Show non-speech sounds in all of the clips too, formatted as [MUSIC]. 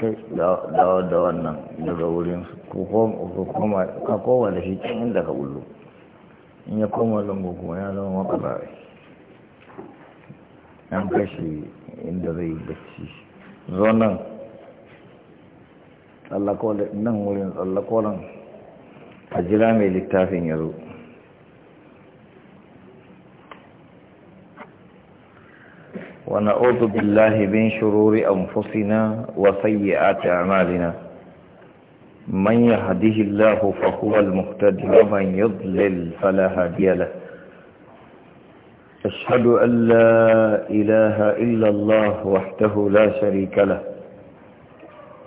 sai da wannan daga wurin ka koma da shi can inda ka bullo in ya koma lungu kuma ya zama makarare an kashi inda zai bacci zonan tsallakolan nan wurin tsallakolan a jira mai littafin ya zo ونعوذ بالله من شرور أنفسنا وسيئات أعمالنا من يهده الله فهو المهتد ومن يضلل فلا هادي له أشهد أن لا إله إلا الله وحده لا شريك له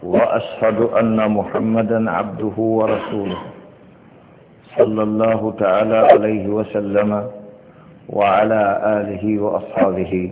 وأشهد أن محمدا عبده ورسوله صلى الله تعالى عليه وسلم وعلى آله وأصحابه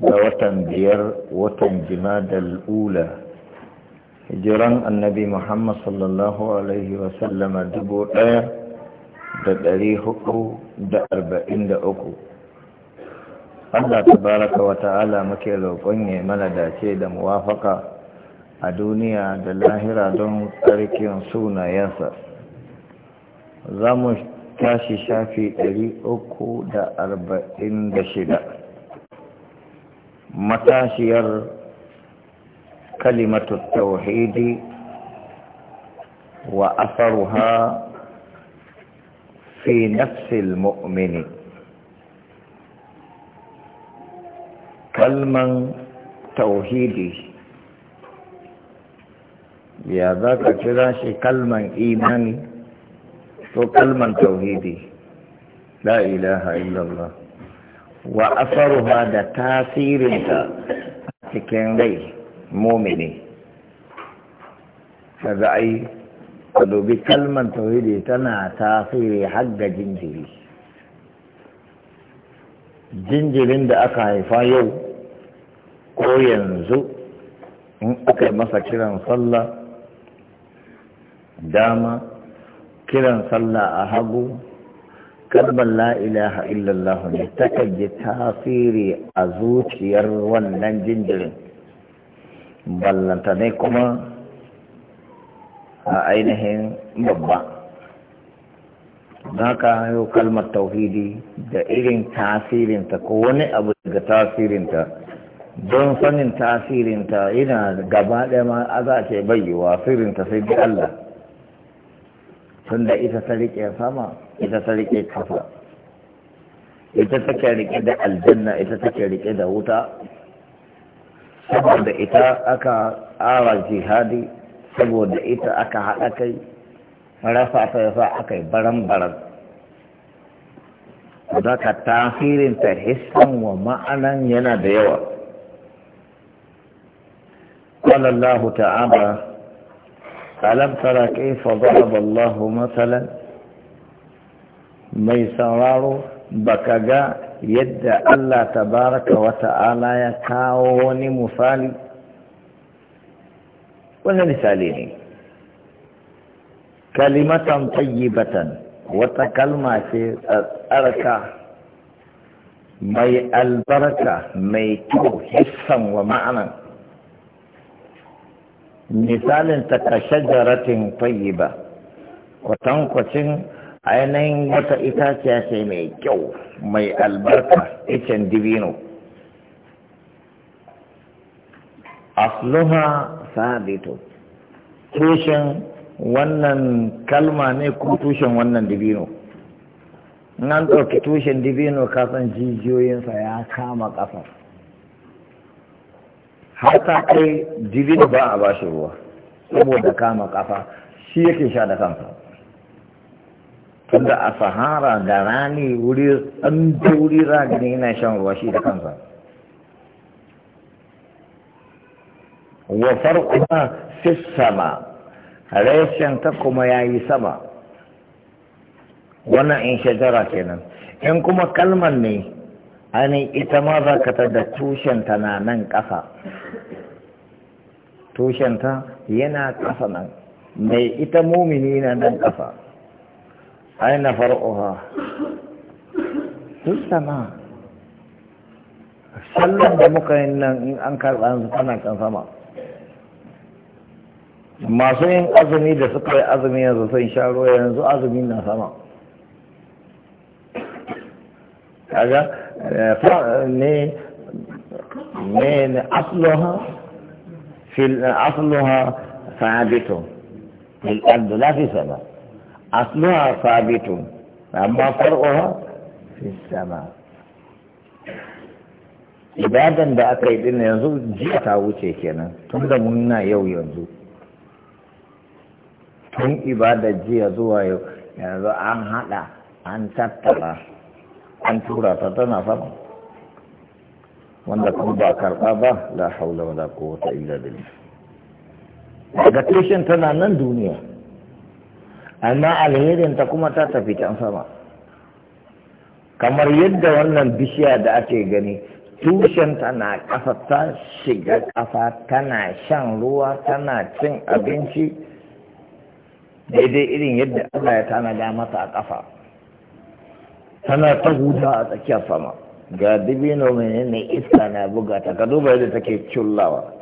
da watan biyar watan jimadal ula hijiran annabi muhammad sallallahu alaihi wasallama dubu daya da dari hudu da arba'in da uku allah tabaraka wa ta'ala muke roƙon ya mana dace da muwafaka a duniya da lahira don tsarkin sunayensa za mu tashi shafi ɗari uku da arba'in da shida matashiyar kalimatu tauhidi wa asaruha fi nafsil mu'mini kalman tauhidi ya za ka kira shi kalman imani ko kalman tauhidi la ilaha illallah wa asaruha da tasirinta cikin rai momini a yi ka dubi kalmar tauhidi tana tasiri har da jinjiri jinjirin da aka haifa yau ko yanzu in aka yi masa kiran sallah dama kiran sallah a hagu kalmar la'ilaha illallah ne ta yi tasiri a zuciyar wannan jinjirin ballanta ne kuma a ainihin babba za ka yau kalmar tauhidi da irin tasirinta ko wani abu daga tasirinta don sanin tasirinta yana gaba ɗaya ma a za ce bayyewa sirrinta sai bi Allah tunda ita ta rike sama ita ta rike kafa ita take rike da aljanna ita take rike da wuta saboda ita aka ara jihadi saboda ita aka haɗa kai rasa ta yasa aka yi baran-baran da ka tasirinta hissan wa ma'anan yana da yawa قال الله تعالى ألم ترى كيف ضرب الله مثلا mai sauraro baka ga yadda Allah tabaraka wa ta'ala ya kawo wani misali wani misali ne kalimatan tayyibatan wata kalma ce arka. mai albarka mai kyau hissan wa ma'anan misalin ta ka shajaratin kwatan kwatankwacin ainihin wata itaciya ce mai kyau mai albarka icen divino asluha sabito tushen wannan kalma ne ko tushen wannan divino nan ɗauki tushen divino kasan jijiyoyinsa ya kama ƙasar har ta kai dibino ba a bashi ruwa saboda kama kafa shi yake sha da kansa tunda a sahara da rani wuri an da wuri rani yana shan ruwa shi da kansa wa kuma fi sama reshen ta kuma yayi sama wannan in shajara kenan in kuma kalmar ne Ani ita ma za ka da tushenta na nan ƙasa tushenta yana ƙasa nan mai ita mumini na nan ƙasa aina far'uha tun sama sallan da muka yi nan in an karɓa su tana kan sama masu yin azumi da suka yi azumi yanzu sun sha ruwa yanzu azumi na sama kaga ne asluha Sabitu asluha sabitun sama asluha sabitun amma far'uha fi sama ibadan da aka yi din yanzu jiya ta wuce kenan tun da muna yau yanzu tun ibadar jiya zuwa yau yanzu an haɗa an tattara an tura ta tana sama wanda kuma ba karɓa ba la haula wala quwwata illa billah daga tushen tana nan duniya amma alherin ta kuma ta tafi can sama kamar yadda wannan bishiya da ake gani tushen tana kafa ta shiga kafa tana shan ruwa tana cin abinci daidai irin yadda Allah ya tanada mata a ƙafa tana ta huta a tsakiyar sama ga dibino menene iska na buga ta ka duba yadda take cullawa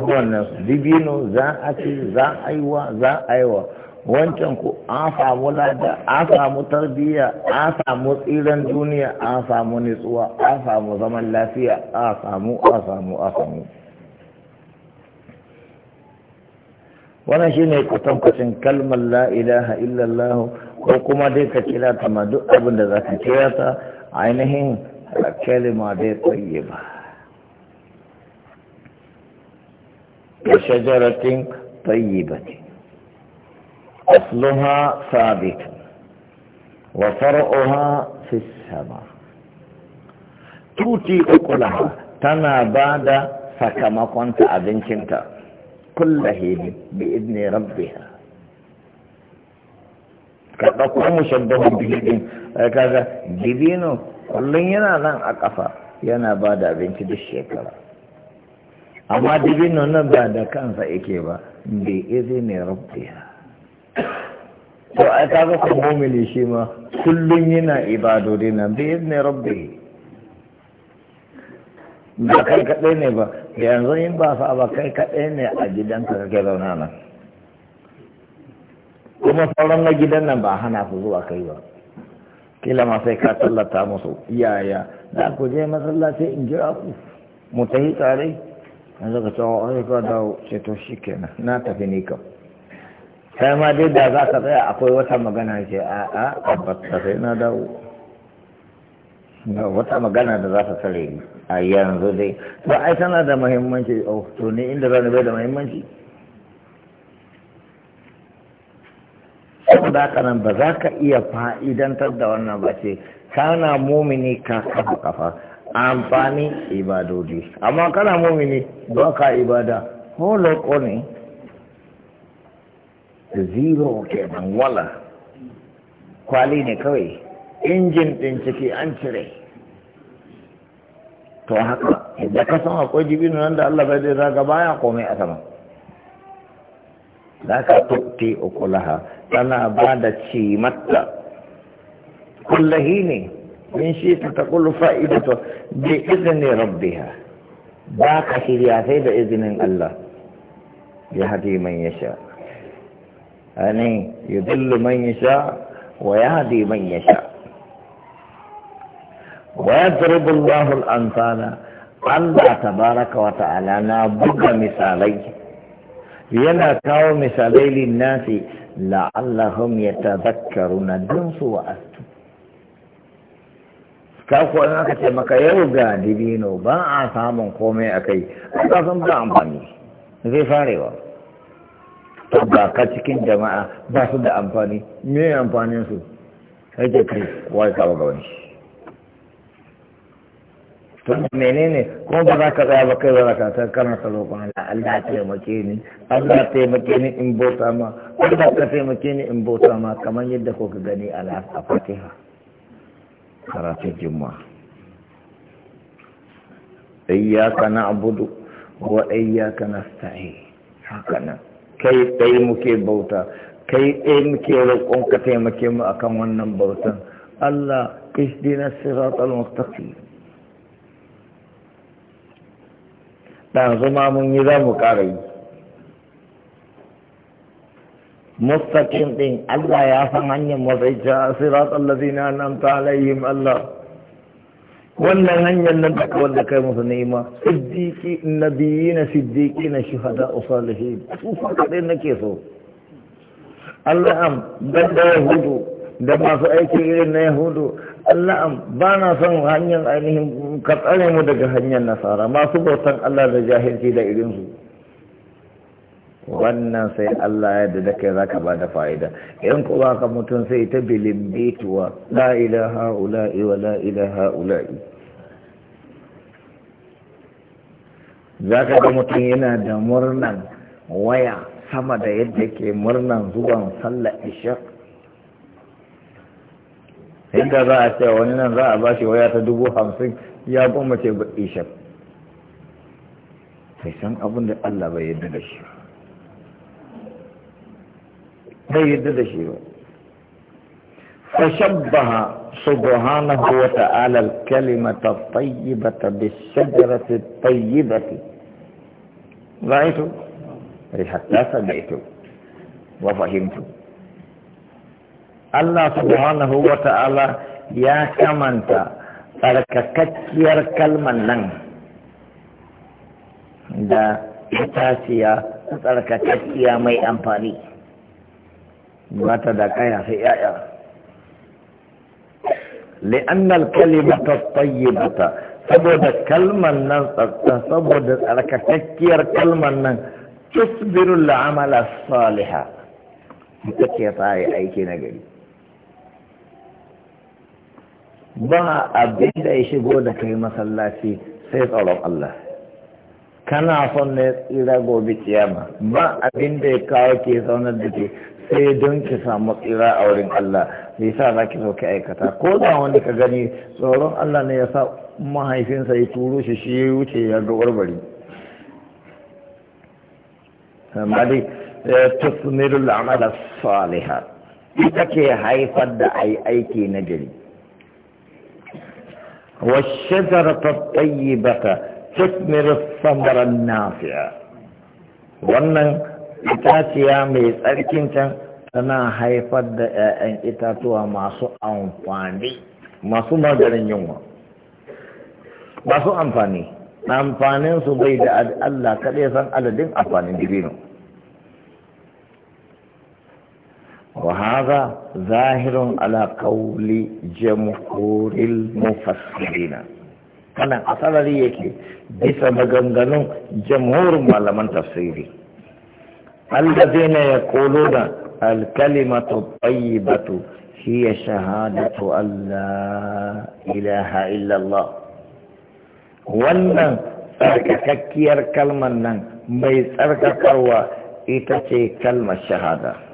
wannan dibino za a ce za a yi wa za a yi wa wancan ku an samu lada an samu tarbiyya an samu tsiran duniya an samu nutsuwa an samu zaman lafiya an samu an samu an samu wannan shine kwatankwacin kalmar la ilaha illallah ko kuma dai ka kira ta ma duk abin da za ka kira ta ainihin kalima dai tsaye ba ka shajaratin tsaye ba ce asluha sabit wa far'uha fi sama tuti ukulaha tana ba da sakamakonta abincinta kulla hili bi idni rabbiha ka ɗauko mushabbahun kaga dibino kullum yana nan a ƙafa yana ba da abinci duk shekara amma dibino nan ba da kansa yake ba bi idni rabbiha to ai kaga ko mumini shi ma kullum yana ibadodi nan bi idni rabbihi ba kai kaɗai ne ba yanzu in ba sa ba kai kaɗai ne a gidanka kake zauna nan kuma sauran na gidan nan ba hana su zuwa kai ba kila ma sai ka tallata musu yaya da ku je masallaci in jira ku mu tafi tare yanzu ka cewa oh, ai ka dawo ce to kenan na tafi ni kam sai ma dai da za ka tsaya akwai wata magana ce a a tabbata sai na dawo wata magana da za ta tsare ni a yanzu dai ba ai tana da muhimmanci oh to ne inda za ni bai da muhimmanci sau da kanan ba za ka iya fa'idantar da wannan ba ce kana mumini ka kafa kafa amfani ibadodi amma kana mumini ba ka ibada holoko ne zero nan wala kwali ne kawai injin ɗin ciki an cire to haka idan ka san akwai jibinu nan da Allah bai zai zaga baya komai a sama da ka tutti ukulaha tana ba da ci matta kullahi ne min shi ta ta kullu fa'idatu bi izni rabbiha ba ka shirya sai da izinin Allah ya hadi man yasha ani yudillu man yasha wa yahdi man yasha wa yadribu Allahu al-amsala Allah tabaraka wa ta'ala na buga misalai yana kawo misalai linnasi la'allahum yatadhakkaruna dun su wa'astu ka ko in aka ce maka yau ga dibino ba samun komai a kai ka san ba amfani zai fara to ba ka cikin jama'a ba su da amfani me amfanin su sai ke kai wai ka wani tun menene ko ba za ka tsaya ba kai ba za ka san kana da Allah Allah taimake ni Allah taimake ni in bauta ma Allah ka taimake ni in bauta ma kamar yadda ko ka gani a Fatiha karatun Juma'a iyyaka na'budu wa iyyaka nasta'in haka nan kai tsaye muke bauta kai tsaye muke roƙon ka taimake mu akan wannan bautan Allah ihdina siratal mustaqim ɗan ma mun yi za mu ƙara yi mustaqim ɗin Allah ya san hanyar matsaica sirat nan an'amta alaihim Allah wannan hanyar nan da wanda kai musu ni'ima siddiqi nabiyina na shuhada usalihin su fa kadai nake so Allah am banda hudu da masu aikin irin na yahudu Allah ba na son hanyar ainihin ka tsare mu daga hanyar nasara masu bautan Allah da jahilci da irinsu wannan sai Allah ya da kai zaka ba da fa'ida in ku ka mutum sai ta bilin bituwa la ilaha ula'i wa la ilaha ula'i ka ga mutum yana da murnan waya sama da yadda ke murnan zuwan sallar isha inda za a ce wani nan za a ba shi waya ta dubu hamsin ya goma ce ba ishar sai san abin da Allah bai yadda da shi bai yadda da shi ba shabbaha subhanahu wa ta'ala al-kalimata tayyibata bis-shajarati tayyibati ra'aytu ri hatta sami'tu wa fahimtu Allah subhanahu wa ta'ala ya kamanta tsarkakakkiyar kalman nan da itaciya tsarkakakkiya mai amfani ba ta da kaya sai ya'ya li'annal kalimata tayyibata saboda kalman nan saboda tsarkakakkiyar kalman nan tusbiru la'amala Saliha. ita ce ta yi aiki na gari ba abin da ya shigo da kai masallaci sai tsaron Allah kana son ne tsira gobe kiyama ba abin da ya kawo ke zaunar da ke sai don ki samu tsira a wurin Allah ya sa za ki zo ki aikata ko da wanda ka gani tsoron Allah ne ya sa mahaifinsa ya turo shi shi ya wuce ya ga warware ya dai eh, tusmirul amala salihah ita ke haifar da ai aiki na gari والشجرة الطيبة تثمر الثمر النافع wannan itaciya mai tsarkin can tana haifar da 'ya'yan itatuwa masu amfani masu maganin yunwa masu amfani amfaninsu bai da Allah kaɗai san adadin amfanin dibino وهذا ظاهر على قول جمهور المفسرين wannan asarari yake bisa maganganun jamhurin malaman tafsiri allazina yaquluna alkalimatu tayyibatu hiya shahadatu alla ilaha illa allah wannan tsarkakakkiyar kalmar nan mai tsarkakarwa ita ce kalmar shahada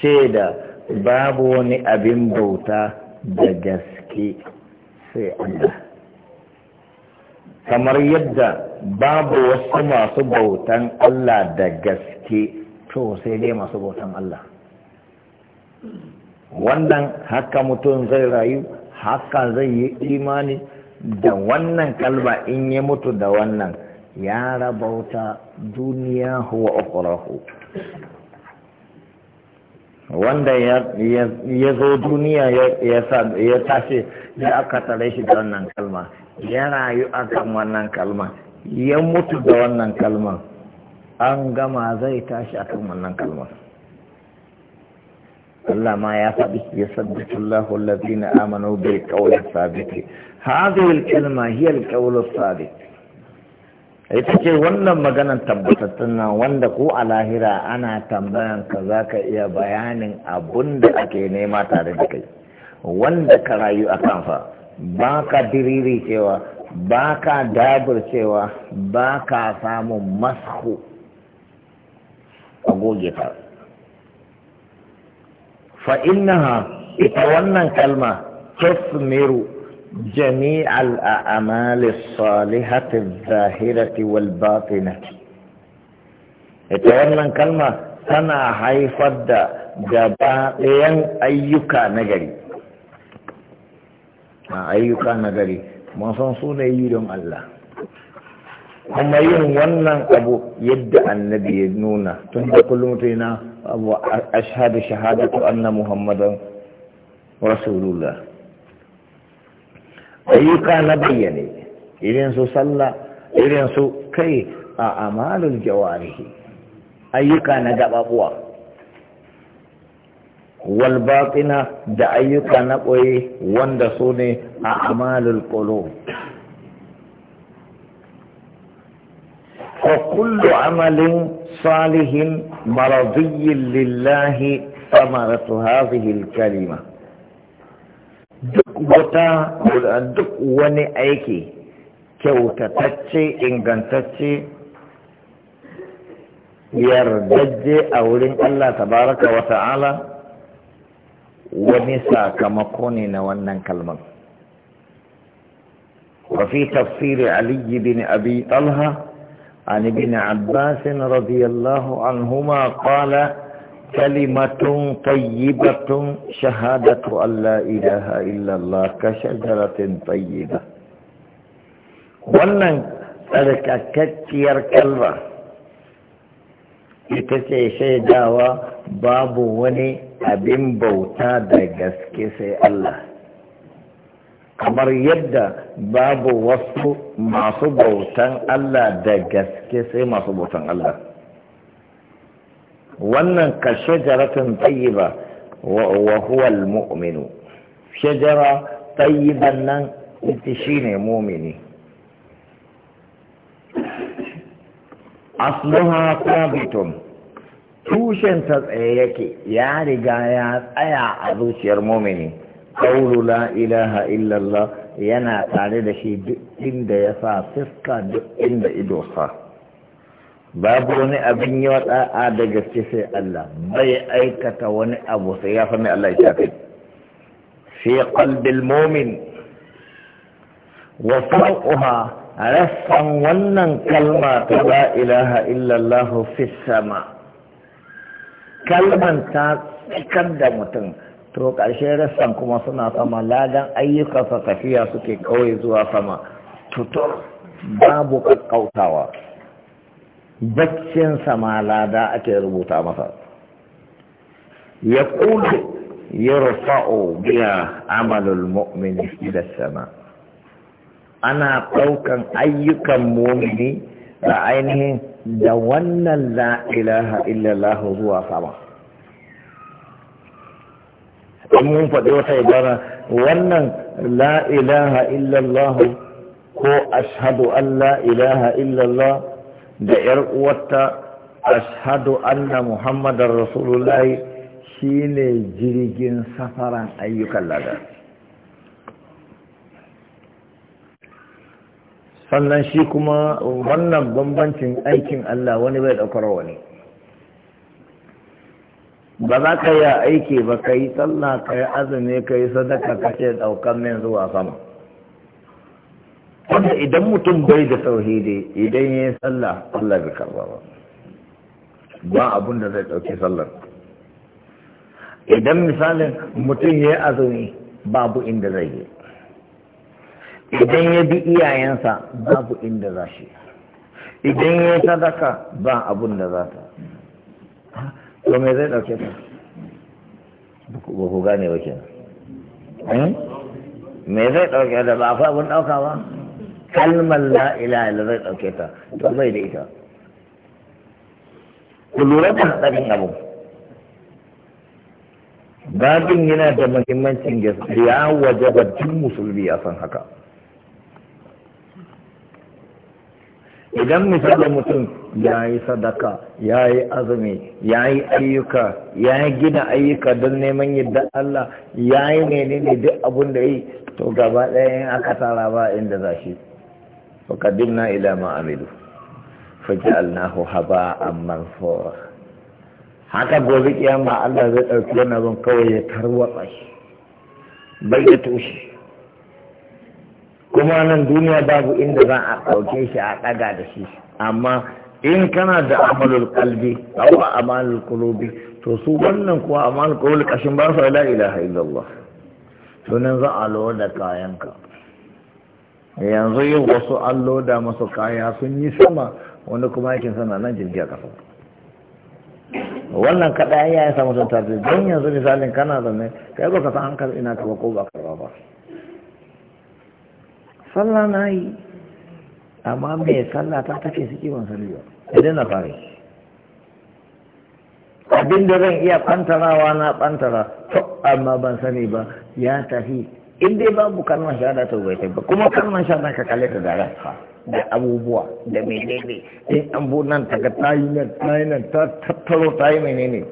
shaida babu wani abin bauta da gaske sai Allah kamar yadda babu wasu masu bautan Allah da gaske to sai dai masu bautan Allah wannan haka mutum zai rayu haka zai yi imani da wannan kalba in yi mutu da wannan ya rabauta duniya huwa ukurahu wanda ya zo duniya ya tashi ya aka tare shi da wannan kalma ya rayu kan wannan kalma ya mutu da wannan kalma an gama zai tashi a kan wannan kalma Allah ma ya faɗi ya sabbata Allahu allazina amanu bil qawli thabit hadhihi kalma hiya al qawlu ita ce wannan maganan tabbatattun nan wanda ko a lahira ana tambayan ka za ka iya bayanin abun da ake nema tare da kai wanda ka rayu a kanfa ba ka diriri cewa ba ka dabur cewa ba ka samun masku a goge ta fa'innaha ita wannan kalma tasmiru جميع الأعمال الصالحة الظاهرة والباطنة يتولى كلمة سنا حيفد جباقيا أيك نجري أيك نجري ما صنصون يجيهم الله هم يين ونن أبو يد النبي يدنونا تنبا كل متينا أبو أشهد شهادة أن محمدا رسول الله ayyuka na bayyane irin su sallah irin su kai a amalul jawarihi ayyuka na gababuwa wal batina da ayyuka na ɓoye wanda su ne a amalul qulub وكل عمل صالح مرضي لله ثمرة هذه الكلمة duk wata duk wani aiki kyautatacce ingantacce yardajje a wurin Allah tabaraka wa ta'ala wani sakamako ne na wannan kalmar وفي تفسير علي بن أبي طلحة عن ابن عباس رضي الله عنهما qala. كلمة طيبة شهادة أن لا إله إلا الله كشجرة طيبة wannan tsarkakakkiyar kalba ita ce shaidawa babu wani abin bauta da gaske sai Allah kamar yadda babu wasu masu bautan Allah da gaske sai masu bautan Allah wannan ka shajaratin tayyiba wa huwa al shajara tayyiban nan ita shine mu'mini asluha sabitun tushen ta tsaye yake ya riga ya tsaya a zuciyar mu'mini qawlu la ilaha illallah yana tare da shi duk inda ya sa fiska duk inda ido sa babu wani abin yi wa da'a da gaske sai Allah bai aikata wani abu sai ya sami Allah ya kai fi qalbil mu'min wa fawqaha rassan wannan kalma ta la ilaha Allah fi sama kalman ta tsikar da mutum to ƙarshe rassan kuma suna sama ladan ayyukansa tafiya suke kawai zuwa sama tutur babu kakkautawa baccin sama lada ake rubuta masa ya kulu ya rufa'o biya amalul mu'mini ila sama ana ɗaukan ayyukan mumini da ainihin da wannan la ilaha illallah zuwa sama in mun faɗi wata ibara wannan la ilaha illallah ko ashhadu an la ilaha illallah da ‘yar uwarta ashadu anna muhammadar rasulullah shine jirgin safaran ayyukan lada sannan shi kuma wannan bambancin aikin Allah wani bai ɗaukar wani ba za ka yi aiki ba ka yi tsalla ka yi azumi ka yi sadaka ka ce ɗaukar min zuwa sama wanda idan mutum bai da tauhidi idan ya yi sallah Allah bai karba ba ba abun da zai ɗauki sallar idan misalin mutum ya yi azumi babu inda zai yi idan ya bi iyayensa babu inda za shi idan ya yi sadaka ba abun da za ta to me zai ɗauke ta ba ku gane wakil eh? me zai ɗauke da ba akwai abun ɗauka ba kalmar la ilaha illa zai dauke ta to bai da ita ku lura da tsarin abu babin yana da muhimmancin gaskiya waje ga duk musulmi ya san haka idan misali mutum ya yi sadaka ya yi azumi ya yi ayyuka ya yi gina ayyuka don neman yadda Allah ya yi menene duk abin da yi to gaba ɗaya aka tara ba inda za shi فقدمنا إلى ما عملوا فجعلناه هباء haka gobe kiyama Allah zai ɗauki wani abin kawai ya tarwatsa shi bai da tushe kuma nan duniya babu inda za a ɗauke shi a ɗaga da shi amma in kana da amalul kalbi aw amalul qulubi to su wannan kuwa amalul qulubi kashin ba su la ilaha illallah to nan za a lura da kayanka yanzu yin wasu an loda masu kaya sun yi sama wani kuma yakin sana nan jirgi a ƙasa wannan kaɗa ya yi samun tattalin don yanzu misalin kana zaune kai yi kasa an hankali ina kaba ko ba karba ba sallah na yi amma mai sallah ta take su kiwon sani ba idan na fari abin da zan iya ɓantarawa na ɓantara to amma ban sani ba ya tafi in dai babu kalmar shahada to bai kai ba kuma kalmar shahada ka kalle ka da rafa da abubuwa da menene in an bu nan ta ga tayi nan tayi nan ta tattaro tayi menene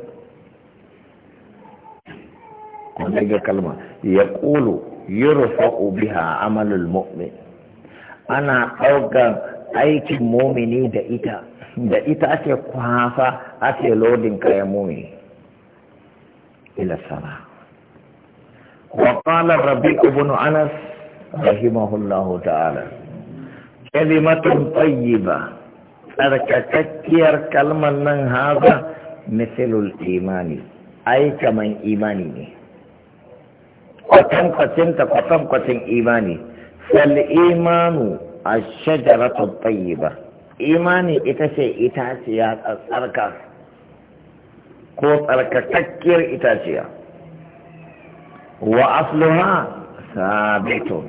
kuma ga kalma ya qulu yurfa'u biha amalul mu'min ana ɗaukar aikin mumini da ita da ita ake kwafa ake lodin kayan mumini ila sama وقال الربيع بن أنس رحمه الله تعالى كلمة طيبة أركتكير كلمة من هذا مثل الإيمان أي كمن إيماني قتم قتم قتم قتم إيماني فالإيمان الشجرة الطيبة إيماني إتسي إتاسيات أركا قوت أركتكير إتاسيات wa asluha sabitun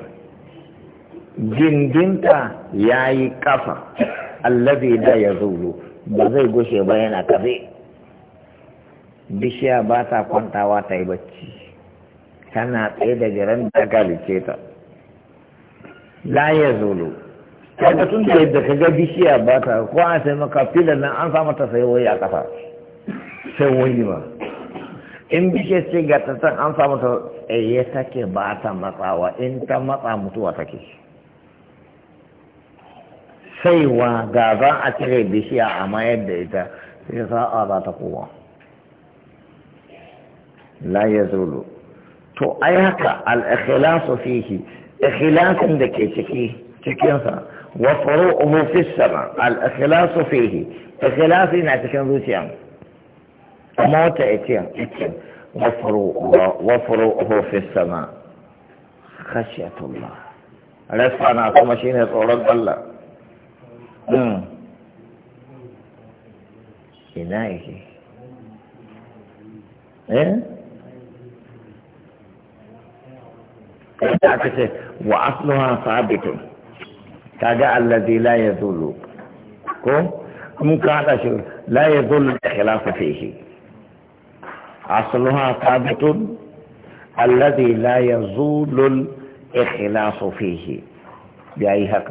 gindinta ya yi kafa allazi da ya zulu ba zai gushe ba yana kafe bishiya ba ta kwantawa ta yi bacci tana tsaye da jiran da galice ta la ya zulu kaga tun da yadda ka ga bishiya ba ta ko an sai maka filan nan an sa mata sai wai a kafa sai wani ba in bishe ce ga ta an samu ta eh, tsaye take ba ta matsawa in ta matsa mutuwa take saiwa ga za a cire bishiya a mayar da ita sai sa'a za ta kowa la ya zulu to ai haka al-ikhlasu fihi ikhlasin da ke ciki cikinsa wa furu'uhu fi sama al-ikhlasu fihi ikhlasi na cikin zuciya موتا اتيان اتيان وفرو هو في السماء خشية الله رفع ناكو مشين هتو رب الله إلهي إيه؟ وأصلها ثابت كذا الذي لا يذل كو ممكن هذا شو لا يذل الخلاف فيه أصلها ثابت الذي لا يزول الإخلاص فيه بأي حق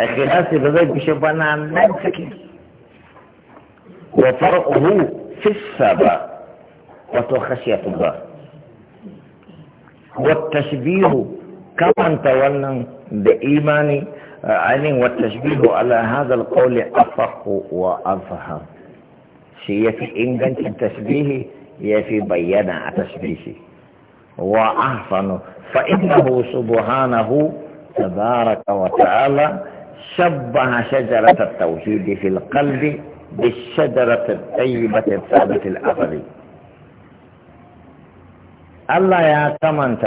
الإخلاص بذلك بشبنا لم وفرقه في السبع وتخشية الله والتشبيه كما تولى بإيمان آه، عين والتشبيه على هذا القول أفق وأظهر سيتي انجن تسبيه يفي بيانا تسبيه واحسن فانه سبحانه تبارك وتعالى شبه شجرة التوحيد في القلب بالشجرة الطيبة الثابت الأثر الله يا كمان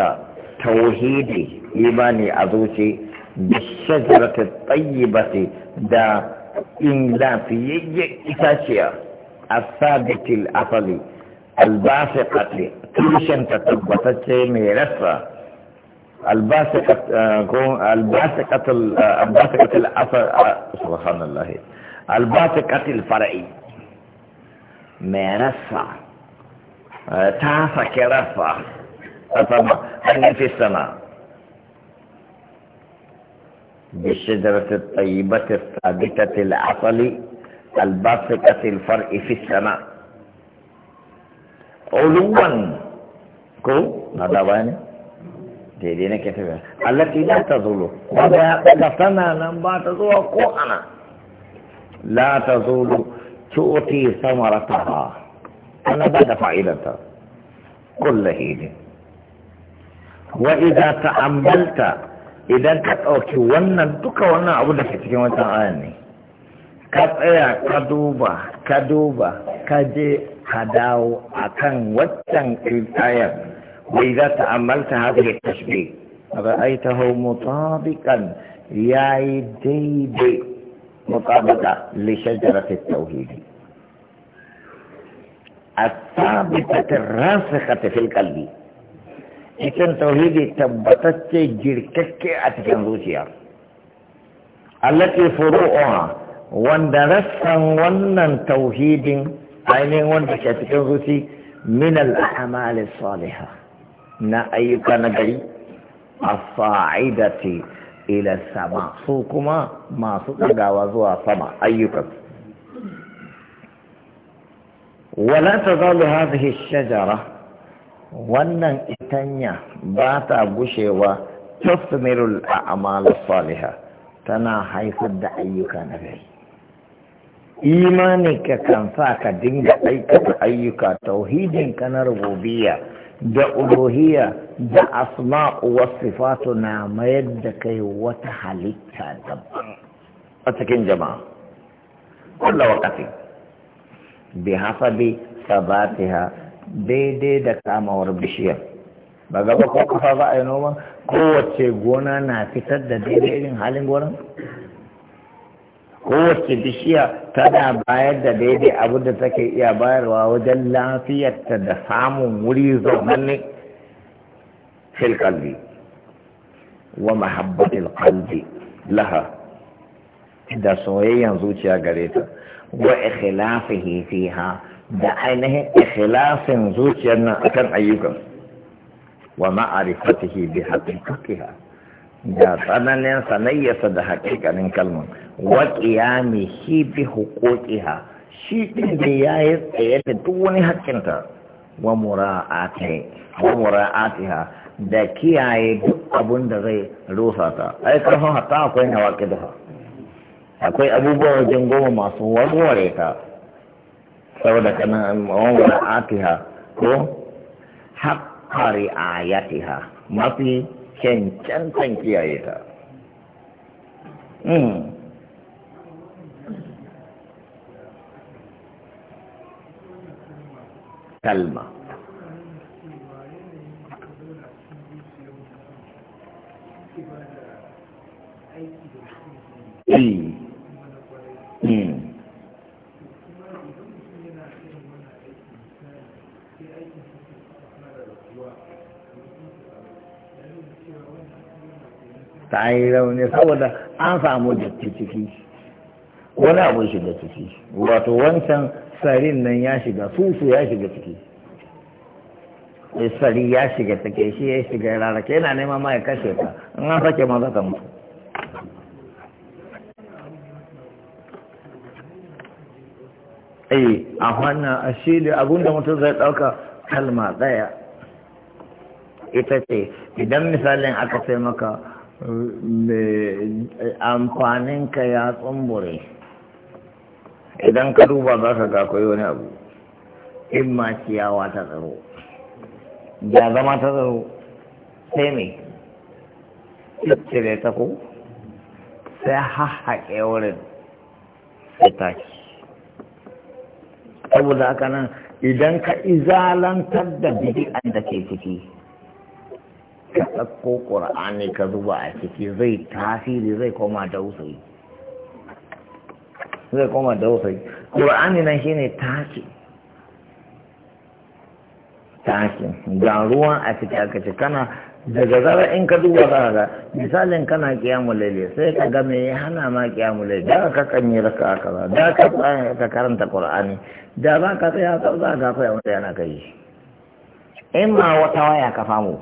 توحيدي إيماني ادوسي بالشجرة الطيبة دا إن لا في يجي إتاشيا الثابت الأصلي الباسقة تلشن تتبتت ميرسة الباسقة الباسقة الباسقة الأصل سبحان الله الباسقة الفرعي ميرسة تاسا رفع أطمع أن في السماء بالشجرة الطيبة الثابتة الأصل كالباسقة الفرع في السماء علوا كو هذا وين تدينا كيف التي لا تزول هذا لفنا نبا تزول كو لا تزول تؤتي ثمرتها أنا بعد فائدة كل حين وإذا تأملت إذا تأتي ونن تك ونن عبدك تكون تعاني ka tsaya ka duba ka duba ka je ka dawo a kan waccan ayar wai za ta amalta hadhihi tashbih ra'aytahu mutabiqan yayi daidai mutabaqa li shajarati tauhid الثابتة الراسخة في القلب إذن توحيدي تبتت جركك أتكن روسيا التي فروعها wanda rassan wannan tauhidin ainihin wanda ke cikin rufi, min al'amali saliha na ayyuka na gari a fa'idati ila sama su kuma masu ɗagawa zuwa sama ayyukan wala ta zalu hadhihi shajara wannan itanya ba ta gushewa tasmirul a'mal salihah tana haifar da ayyuka na gari Imanin ka kan sa ka dinga aikata ayyuka tauhidin ka na rububiyya da uluhiyya da asma'u wa sifatu na mayar da kai wata halitta daban a cikin jama'a kulla wakati. bi hasabi sabatiha daidai da kamawar bishiyar ba gaba ko kafa ba a yi noma kowace gona na fitar da daidai irin halin gonan kowace bishiya tana bayar da daidai abin da take iya bayarwa wajen lafiyarta da samun wuri zaune fil kalbi wa mahabbatil kalbi laha da soyayyen zuciya gare ta wa ikhlasihi fiha da ainihin ikhlasin zuciyar nan akan ayyukan wa ma'arifatihi bi haqiqatiha da tsananin sanayyarsa da haƙiƙanin kalmar wa shi bi huquqiha shi ɗin da ya yi tsaye da duk wani haƙƙinta wa mura'ati wa mura'atiha da kiyaye duk abin da zai rusa ta ai karfin hatta akwai nawaqidaha akwai abubuwan wajen goma masu warware ta saboda kana wangwara atiha ko haƙƙari ayatiha mafi cancantan kiyaye ta hmm. كلمة تعالى وني صوره انفع موجه تشكيش wani abu shiga ciki wato wancan sarin nan ya shiga susu ya shiga ciki sari ya shiga take shi ya shiga rarrake yana neman ma ya kashe ka in an sake ma za ta mutu eh, wannan a wannan ashili abinda mutum zai dauka kalma daya ita ce idan misalin aka sai maka eh, amfaninka ya tsumbure idan ka duba za ka ga akwai wani abu in ma ciyawa ta tsaro ya zama ta tsaro sai mai cire ta ko sai hahaƙe wurin sai tashi saboda haka nan idan ka izalantar da bidi'an da ke ciki ka ɗauko ƙura'ani ka zuba a ciki zai tasiri zai koma da wusayi zai koma da wasai ƙur'ani nan shine taki taki ga ruwan a ciki aka ce kana daga zara in ka duba za ga misalin kana kiyamu laili sai ka ga me hana ma kiyamu laili da ka kanyi raka aka ba da ka tsaya ka karanta qur'ani da ba ka tsaya ka za ga kai wanda yana kai in ma wata waya ka famu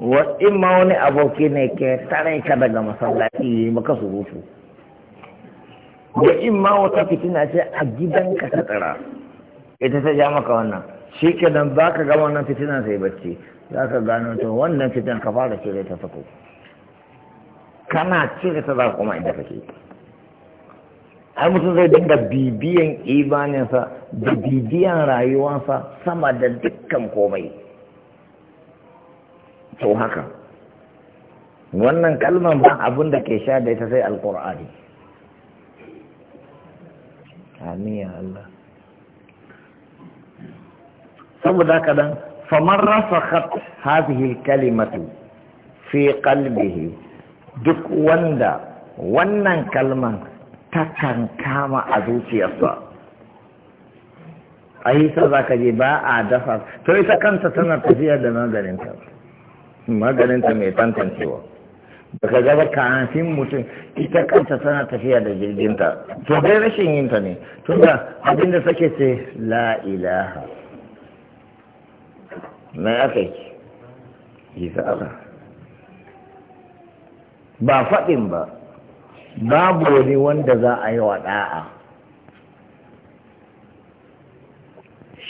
wa in ma wani aboki ne ke tare ka daga masallaci maka surutu da in ma wata fitina ce a gidanka ta tsara ita ta ja maka wannan shi nan ba ka gama wannan fitina sai bacci za ka gano to wannan fitina ka fara cire ta sako kana cire ta za ka koma inda kake ai mutum zai dinga bibiyan imaninsa da bibiyan rayuwansa sama da dukkan komai to haka wannan kalmar ba abin da ke sha da ita sai alkur'ani amin ya Allah saboda haka dan faman rafaqat kalimatu fi kalbihi, duk wanda wannan kalman ta kankama a zuciyarsa a yi sa za ka je ba a dafa to isa kanta tana tafiya da maganinta maganinta mai tantancewa daga gaba kafin mutum ita kanta tana tafiya da jirginta to dai rashin yinta ne Tun da abinda sake ce la ilaha na ya kai isa ba faɗin ba babu wani wanda za a yi wa ɗa'a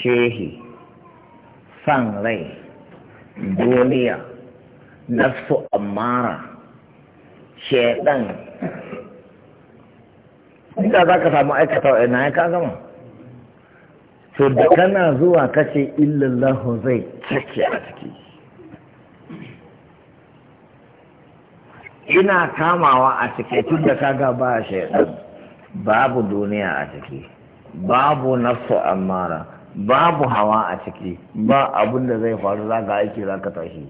shehi san rai duniya nasu amara shaɗan inda za ka samu aikata wa ina ya ka gama to da kana zuwa kace illallahu zai cike a ciki ina kamawa a ciki tun da kaga ba shaɗan babu duniya a ciki babu nafsu amara babu hawa a ciki ba abin zai faru za ka aiki za ka tashi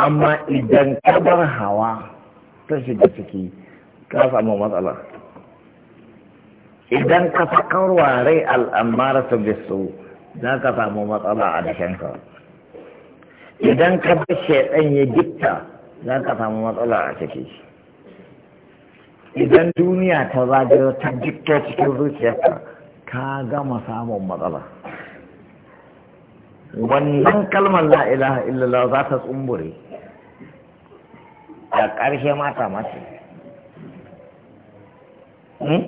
amma idan ka bar hawa ta shiga ciki ka samu matsala idan ka sakarwa rai al'ammara ta bisu za ka samu matsala a dashenka idan ka fi shaidan ya gitta za ka samu matsala a ciki idan duniya ta zagayo ta gitta cikin zuciyarka ka gama samun matsala wannan kalmar la ilaha illallah za ta tsumbure da ƙarshe mata mace hmm?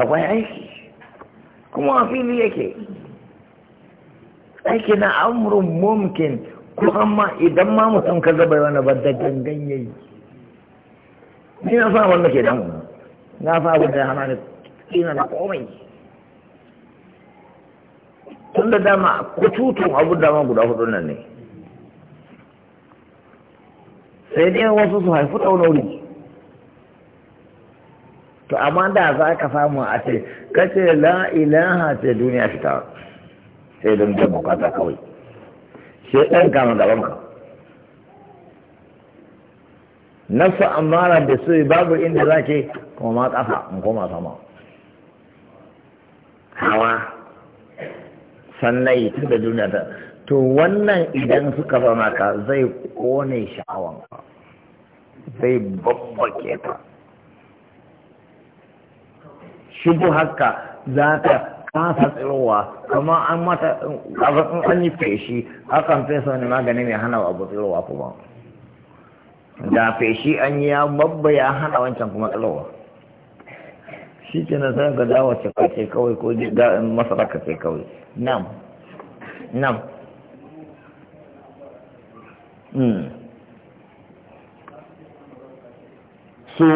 akwai aiki kuma a fili yake aiki na amurin mumkin kusan ma idan ma mutum ka zaba wani ba da gangan yayi ni na sa wanda ke damu na sa abin da hana ni kina da komai tun da dama kututun abu dama guda hudu nan ne sai dai wasu su haifi ɗaurori to amma da za ka samu a ce kace la ilaha ce duniya shi ta, sai don ta bukata kawai sai ɗan kama gaban ka nasu amara da su babu inda za ke kuma ma kafa in koma sama hawa sannan yi tun da duniya ta to wannan idan suka ba ka zai kone sha'awan zai babbake ta shigo haka za ta kasa tsirowa kuma an mata abin an yi feshi akan fesa wani magani mai hana abu tsirowa kuma da feshi an yi ya babba ya hana wancan kuma tsirowa shi ke na zanga dawa ce kawai ko masaraka ce kawai nam nam Hmm. so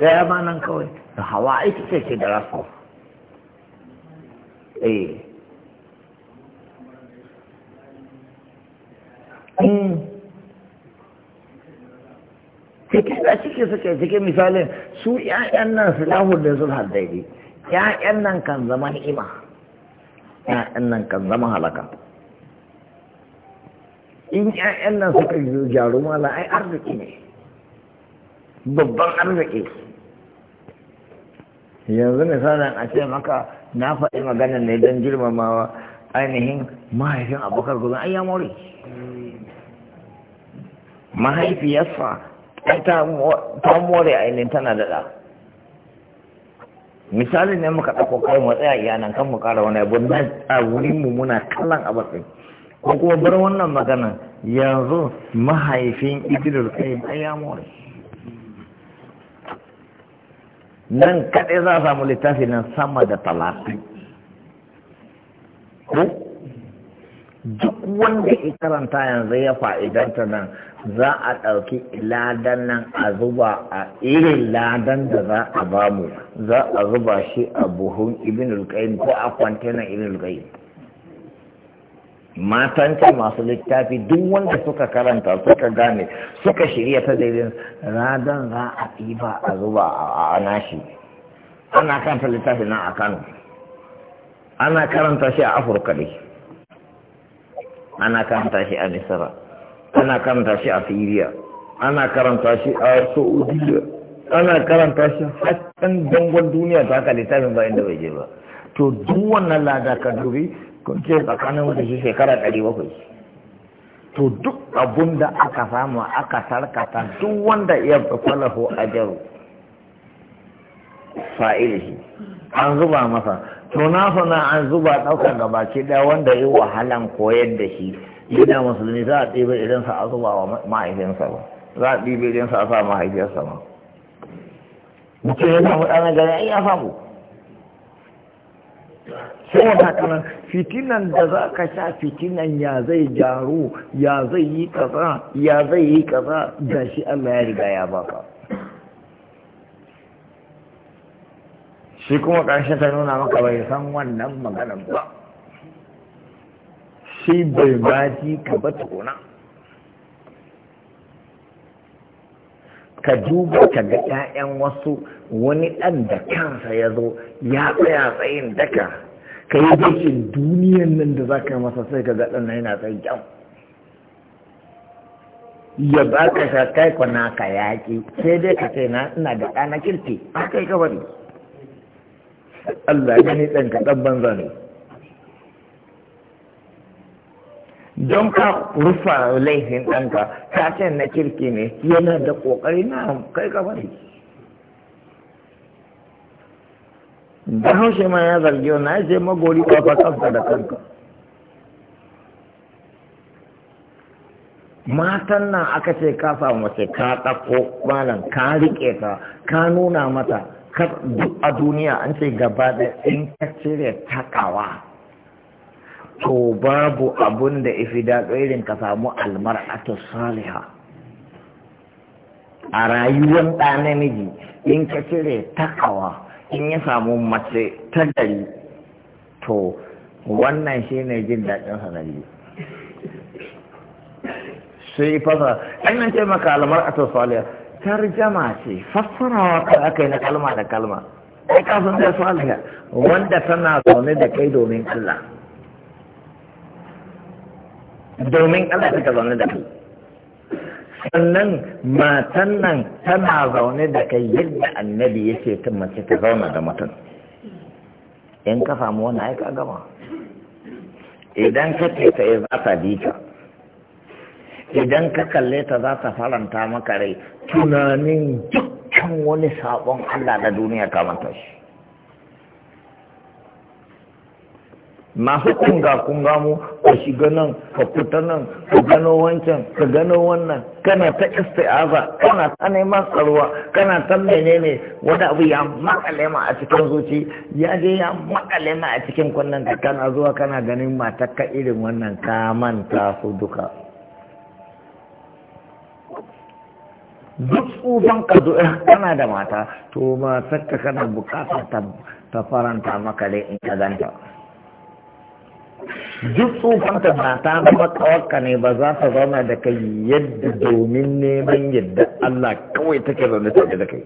ɗaya ma nan kawai hawa ita ce ke da rafa eh hmm. cikin da ciki suke cikin misalin su ‘ya'yan nan su lahur da sun haddaidi ‘ya'yan nan kan zama ni'ima ‘ya'yan nan kan zama halaka in ƴaƴan nan suka jaru mala ai arziki ne babban arziki yanzu misalin a ce maka na faɗi magana ne don girmamawa ainihin mahaifin abokan gudun ai ya more mahaifiyarsa ta more ainihin tana daɗa misali ne muka ɗauko kai mu tsaya iyanan kan mu ƙara wani abu na wuri wurin mu muna kallon abu ɗin ko kuma bar wannan magana yanzu mahaifin idris kai ya more nan kaɗai za a samu littafi nan sama da talatin ko duk wanda ya karanta yanzu ya fa'idanta nan za a ɗauki ladan nan a zuba a irin ladan da za a bamu za a zuba shi a buhun ibn ko a kwantenan ibn matanta masu littafi duk wanda suka karanta suka gane suka shirya ta daidai radon za a ɗiba a zuba a nashi ana karanta littafi nan a kano ana karanta shi a afirka dai ana karanta shi a misira ana karanta shi a siriya ana karanta shi a saudiya ana karanta shi har dangon duniya ta haka littafin ba inda bai je ba to duk wannan lada ka dubi kun ce tsakanin da shi shekara ɗari bakwai to duk abun da aka samu aka sarkata duk wanda ya falahu ajaru shi an zuba masa to na sana an zuba ɗaukar baki ɗaya wanda yi wahalan koyar da shi yana musulmi za a ɗebe idan sa a zuba wa ma'aikinsa ba za a ɗebe idan sa a sa ma'aikinsa ba mutum ya samu ɗanar gari ai ya samu sai wata kanan fitinan da za ka sha fitinan ya zai jaru ya zai yi kaza ya zai yi kaza da shi Allah ya riga ya baka shi kuma ƙarshe ta nuna maka bai san wannan maganar ba shi bai baji ka ba tukuna ka duba ka ga 'ya'yan wasu wani ɗan da kansa ya zo ya tsaya tsayin daka ka yi zai duniyan nan da za ka yi masa sai ka zaɗa na yana sai kyau ya ba ka sha kai ku na ka yaƙi sai dai ka ce na ina da ɗana kirki a kai bari. Allah ya ni ɗan banza ne don ka rufa laifin ɗanka ta ce na kirki ne yana da ƙoƙari na kai bari. Dahaushe haushe ma ya zargi wannan ya ce magori kafa kafa da kanka matan nan aka ce ka samu mace ka ɗauko malam ka riƙe ta ka nuna mata duk a duniya an ce gaba da in ka cire takawa to babu abun da ifi daɗo irin ka samu almar'atu saliha a rayuwar ɗa namiji in ka cire takawa in ya samu mace ta gari to wannan shi ne jin daɗin sanari sai fasa nan ce maka alamar a tosaliya tarjama ce fassarawa kai aka yi na kalma da kalma ai kasan da saliya wanda tana zaune da kai domin Allah domin Allah ta zaune da kai sannan matan nan tana zaune da kai yadda annabi ya ce ta mace ta zauna da mutum in ka samu wani aika gama idan ka ce ta za ta bi ka idan ka kalle ta za ta faranta maka rai tunanin dukkan wani sabon Allah na duniya ka manta shi masu ga kunga mu ka shiga nan ka fita nan ka gano wancan ka gano wannan kana ta isti'aza kana ta neman tsarwa kana ta menene wani abu ya makale ma a cikin zuci ya je ya makale ma a cikin kunnen ka kana zuwa kana ganin matakka irin wannan ka manta su duka duk tsufan ka zo eh, kana da mata to matakka kana bukatar ta faranta maka dai in ka ganta duk tsufanka ba ta zama tsawarka ne ba za ta zauna da kai yadda domin neman yadda Allah kawai take zaune take da kai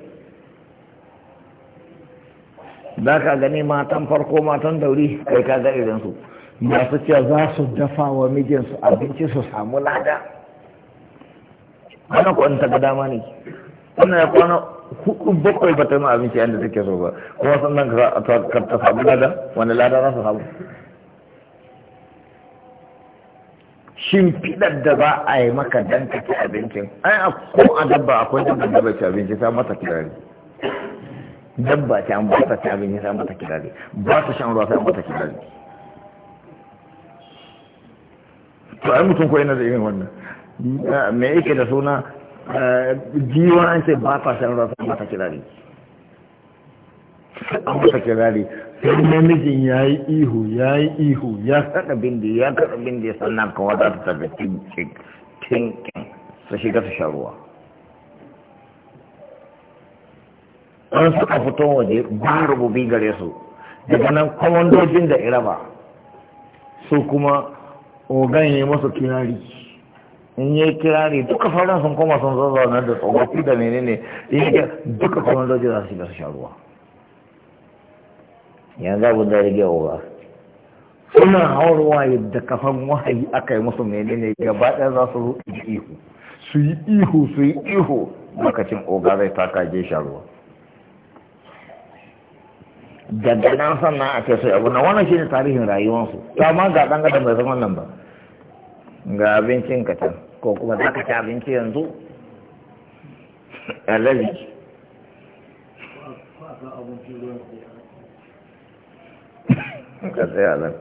za ka gani matan farko matan dauri kai ka ga irinsu masu cewa za su dafa wa mijinsu abinci su samu lada Ana ko in ta ga dama ne wannan ya kwana hudu bakwai ba ta yi abinci yadda take so ba kuma sannan ka ta samu lada wani lada za su samu shimfidar da za a yi maka dan ka ci abincin ai a ko a dabba akwai dabba da bai ci abinci ta mata kirari dabba ta an bata ci abinci ta mata kirari ba ta shan ruwa ta mata kirari to ai mutum ko yana da irin wannan me yake da suna eh, jiwon an ce ba ta shan ruwa ta mata kirari a mata kirari sai namijin ya yi ihu ya yi ihu ya kaɗa bindi ya kaɗa bindi sannan kawai za ta tafi cikin su shiga su sha ruwa an suka fito waje ba rububi gare su daga nan kwamandojin da iraba su kuma ogan ya yi masu kinari in yi kirari duka sauran sun koma sun zazzauna da tsofaffi da menene duka kwamandojin za su shiga su sha ruwa yanzu abu da rage wa suna haurwa yadda kafan wahayi aka yi musu menene gaba ɗaya za su rufe ihu su yi ihu su yi ihu lokacin oga zai taka je sha ruwa daga nan sannan a ce sai abu na wannan ne tarihin rayuwarsu Ta ma ga ɗan gada mai zaman nan ba ga abincin ka can ko kuma za ka ci abinci yanzu alaji ka tsaya nan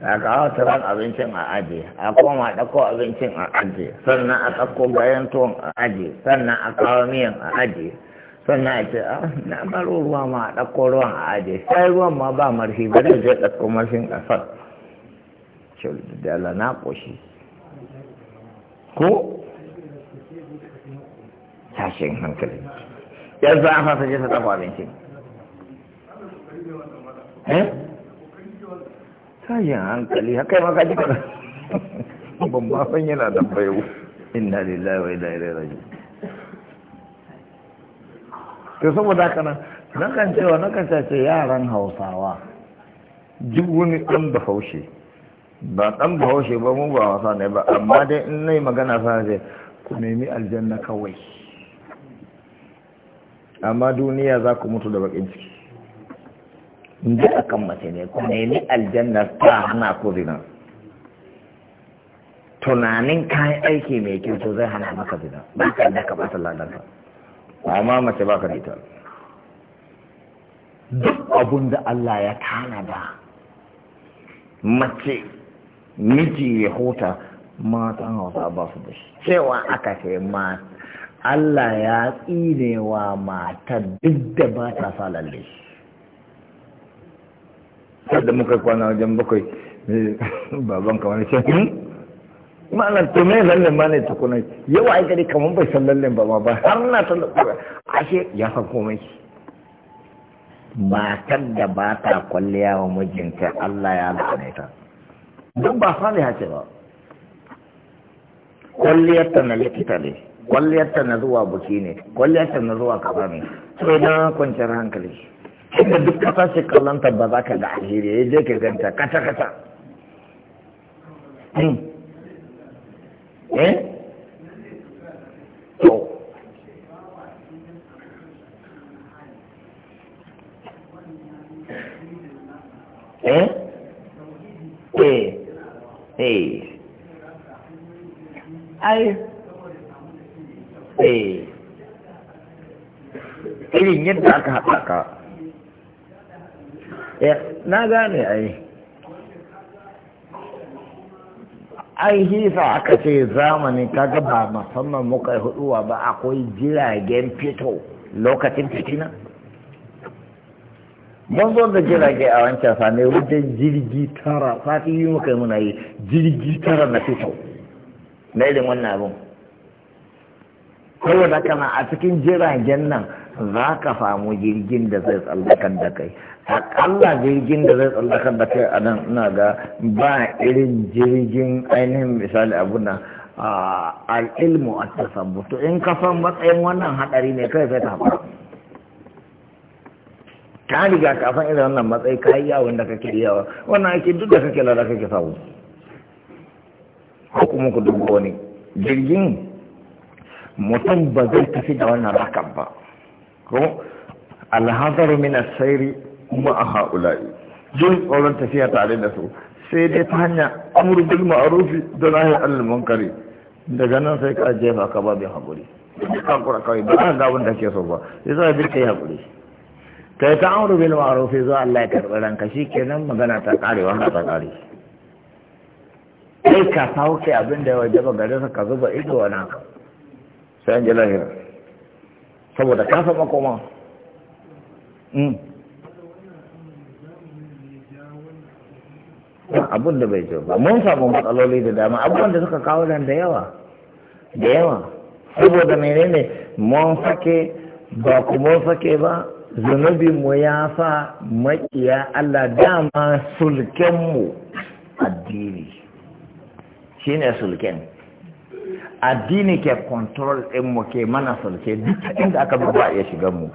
a kawo turan abincin a aji a koma ɗauko abincin a aji sannan a ɗauko bayan tuwon a aji sannan a kawo miyan a aji sannan a ce a ah, na baro ruwa ma a ɗauko ruwan a aji sai ruwan ma ba marfi ba zai je ɗauko marfin ƙasar da Allah na ƙoshi ko tashin hankali yanzu an fasa je ta dafa abincin eh hankali haka ma ka ji kana [LAUGHS] ban ma san yana da bayo inna lillahi wa inna ilaihi raji to saboda haka nan kan cewa kan ce yaran hausawa duk wani ɗan bahaushe ba ɗan bahaushe ba mu ba wasa ne ba amma dai in na magana sa ce ku nemi aljanna kawai amma duniya za ku mutu da bakin ciki inda a kan mace ne kuma nemi aljanna ta hana ku zina tunanin kayan aiki mai kyau to zai hana maka zina ba ka da ka ba ta ba amma mace ba ka da ita duk abun da Allah ya tana da mace miji ya huta matan hausa ba su da shi cewa aka ce ma Allah ya tsinewa mata duk da ba ta sa lalle shi da muka kwana wajen bakwai baban kamar wani cikin hmm? malam to me lallin ba ne tukuna yau ai gari kamar bai san lallin ba ba har na ta ashe ya san komai matar da ba ta kwalliya wa mijinta Allah ya la'ane ta don ba saliha ce ba ta na likita ne ta na zuwa buki ne ta na zuwa kaza ne sai na kwanciyar hankali inda duk ka fashe kallonta ba za ka ga alheri ya je ka ganta kata kata hmm. eh eh eh eh ai eh irin yadda aka haɗa ka na gane ai ai hisa aka ce zamanin kaga ba musamman muka huduwa ba akwai jiragen fito lokacin fitina mun zo da jirage a wancan sami wajen jirgi tara fati yi muka muna yi jirgi tara na fito na irin wannan abin da kana a cikin jiragen nan za ka samu jirgin da zai tsallakan da kai akalla jirgin da zai tsallaka da kai a nan ina ga ba irin jirgin ainihin misali abun nan al'ilmu a tasabbutu in ka san matsayin wannan hadari ne kai sai ta fara ta riga ka san irin wannan matsayi ka yi yawon da kake yawa wannan ake duk da kake lada kake samu ko kuma ku duk wani jirgin mutum ba zai tafi da wannan rakan ba ko alhazaru min asairi ma'a ha'ula'i jin tsoron tafiya tare da su sai dai ta hanya amuru bil ma'arufi da nahi alal munkari daga nan sai ka jefa ka ba bin hakuri ka kura kawai ba ga da ke so ba sai sai bi kai hakuri kai ta amuru bil ma'arufi zuwa Allah ya karɓi ranka nan magana ta ƙare wanda ta ƙare kai ka sauke abin da ya wajaba gare ka zuba ido wa naka sai an ji lahira saboda ka saba koma hmm. abun da bai zo ba mun samu matsaloli da dama abubuwan da suka kawo nan da yawa da yawa saboda menene mun sake? ba ku mun sake ba zunubin mu ya fa maƙiya, Allah dama sulken mu addini shine sulken addini ke control din mu ke mana sulke duk inda aka bi ba ya shiga mu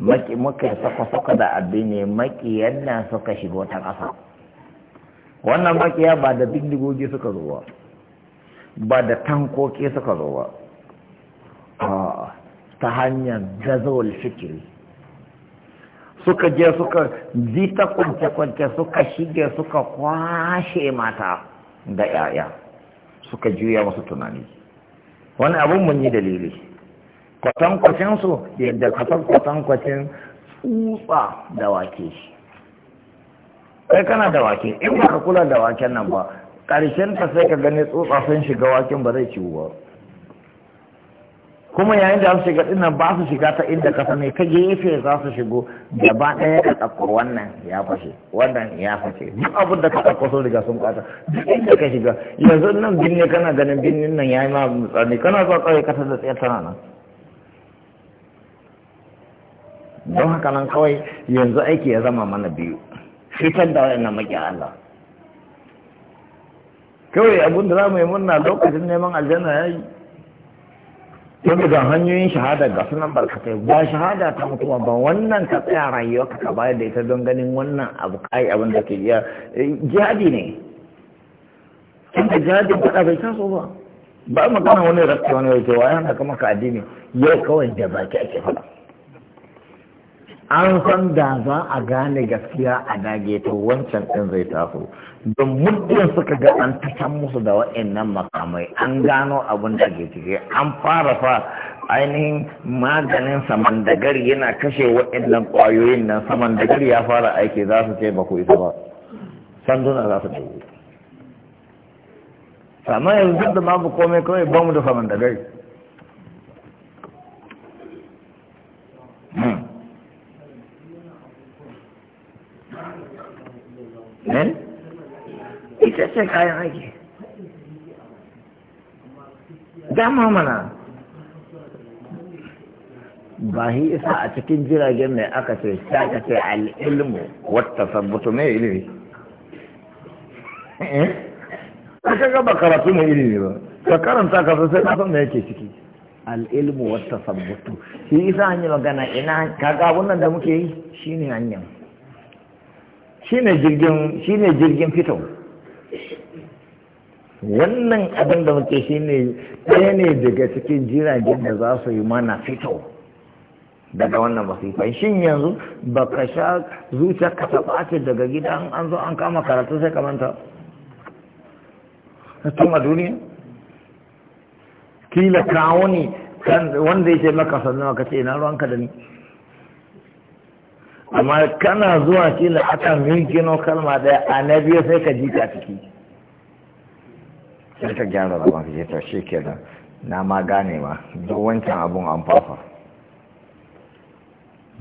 maki muka saka saka da addini maƙiyan na suka shigo ta ƙasa wannan makiya ba da bindigogi suka zo ba ba da tankoki suka zo ba ta hanyar jazawar fikiri suka je suka zita kwance-kwance suka shige suka kwashe mata da 'ya'ya suka juya masu tunani wani abin mun yi dalili kwatankwacinsu yadda kwatankwacin tsutsa da wake shi kai kana da wake in ba ka kula da waken nan ba ƙarshen ta sai ka gani tsotsa sun shiga waken ba zai ciwo ba kuma yayin da su shiga dinnan ba su shiga ta inda ka sani ka gefe za su shigo gaba ɗaya ka tsakko wannan ya fashe wannan ya fashe duk abin da ka tsakko sun riga sun kata duk inda ka shiga yanzu nan binne kana ganin binnin nan ya yi ma tsani kana zuwa kawai ka da tsayar tana nan don haka nan kawai yanzu aiki ya zama mana biyu fitar da na maƙi Allah kawai abin da za mu yi murna lokacin neman aljanna ya yi yadda ga hanyoyin shahada ga sunan barkatai ba shahada ta mutuwa ba wannan ka tsaya rayuwa ka kaba da ita don ganin wannan abu kai abin da ke iya eh, jihadi ne Kin jihadi jihadin faɗa bai taso ba ba magana wani rafi wani wajewa yana kama ka addini yau kawai da baki ake faɗa an san da za a gane gaskiya a dage to wancan ɗin zai taso don muddin suka ga an tashan musu da wa'annan makamai an gano abin da ke cike an fara fa ainihin maganin samandagari yana kashe wa'annan ƙwayoyin nan samandagari ya fara aiki za su ce ba ku isa ba sanduna za su ɗauki sama yanzu da babu komai kawai ba mu da samandagari hmm. ne eh? ita ce kayan aiki dama mana Bahi isa a cikin jiragen ne aka ce ta ka ce al'ilmu wata sabbatu mai ilimi eh? aka gaba karatu mai ilimi ba ka karanta ka sai san da yake ciki al'ilmu wata sabbatu. shi isa hanyar magana ina ga wannan da muke yi shine hanyar shine jirgin shine jirgin fito wannan abin da muke shine ɗaya ne daga cikin jiragen da za su yi mana fito daga wannan masifan shin yanzu ba ka sha zuciya ka taɓa ce daga gida an zo an kama karatu sai ka manta tun a duniya kila kawo ne wanda ya ce maka sannan ka ce ina ruwanka da ni amma kana zuwa kila aka minkino kalma daya a na biyu sai ka ji ka ciki sai ka gyara rabon ka ce shi ke kenan na ma gane ma duk wancan abun an fafa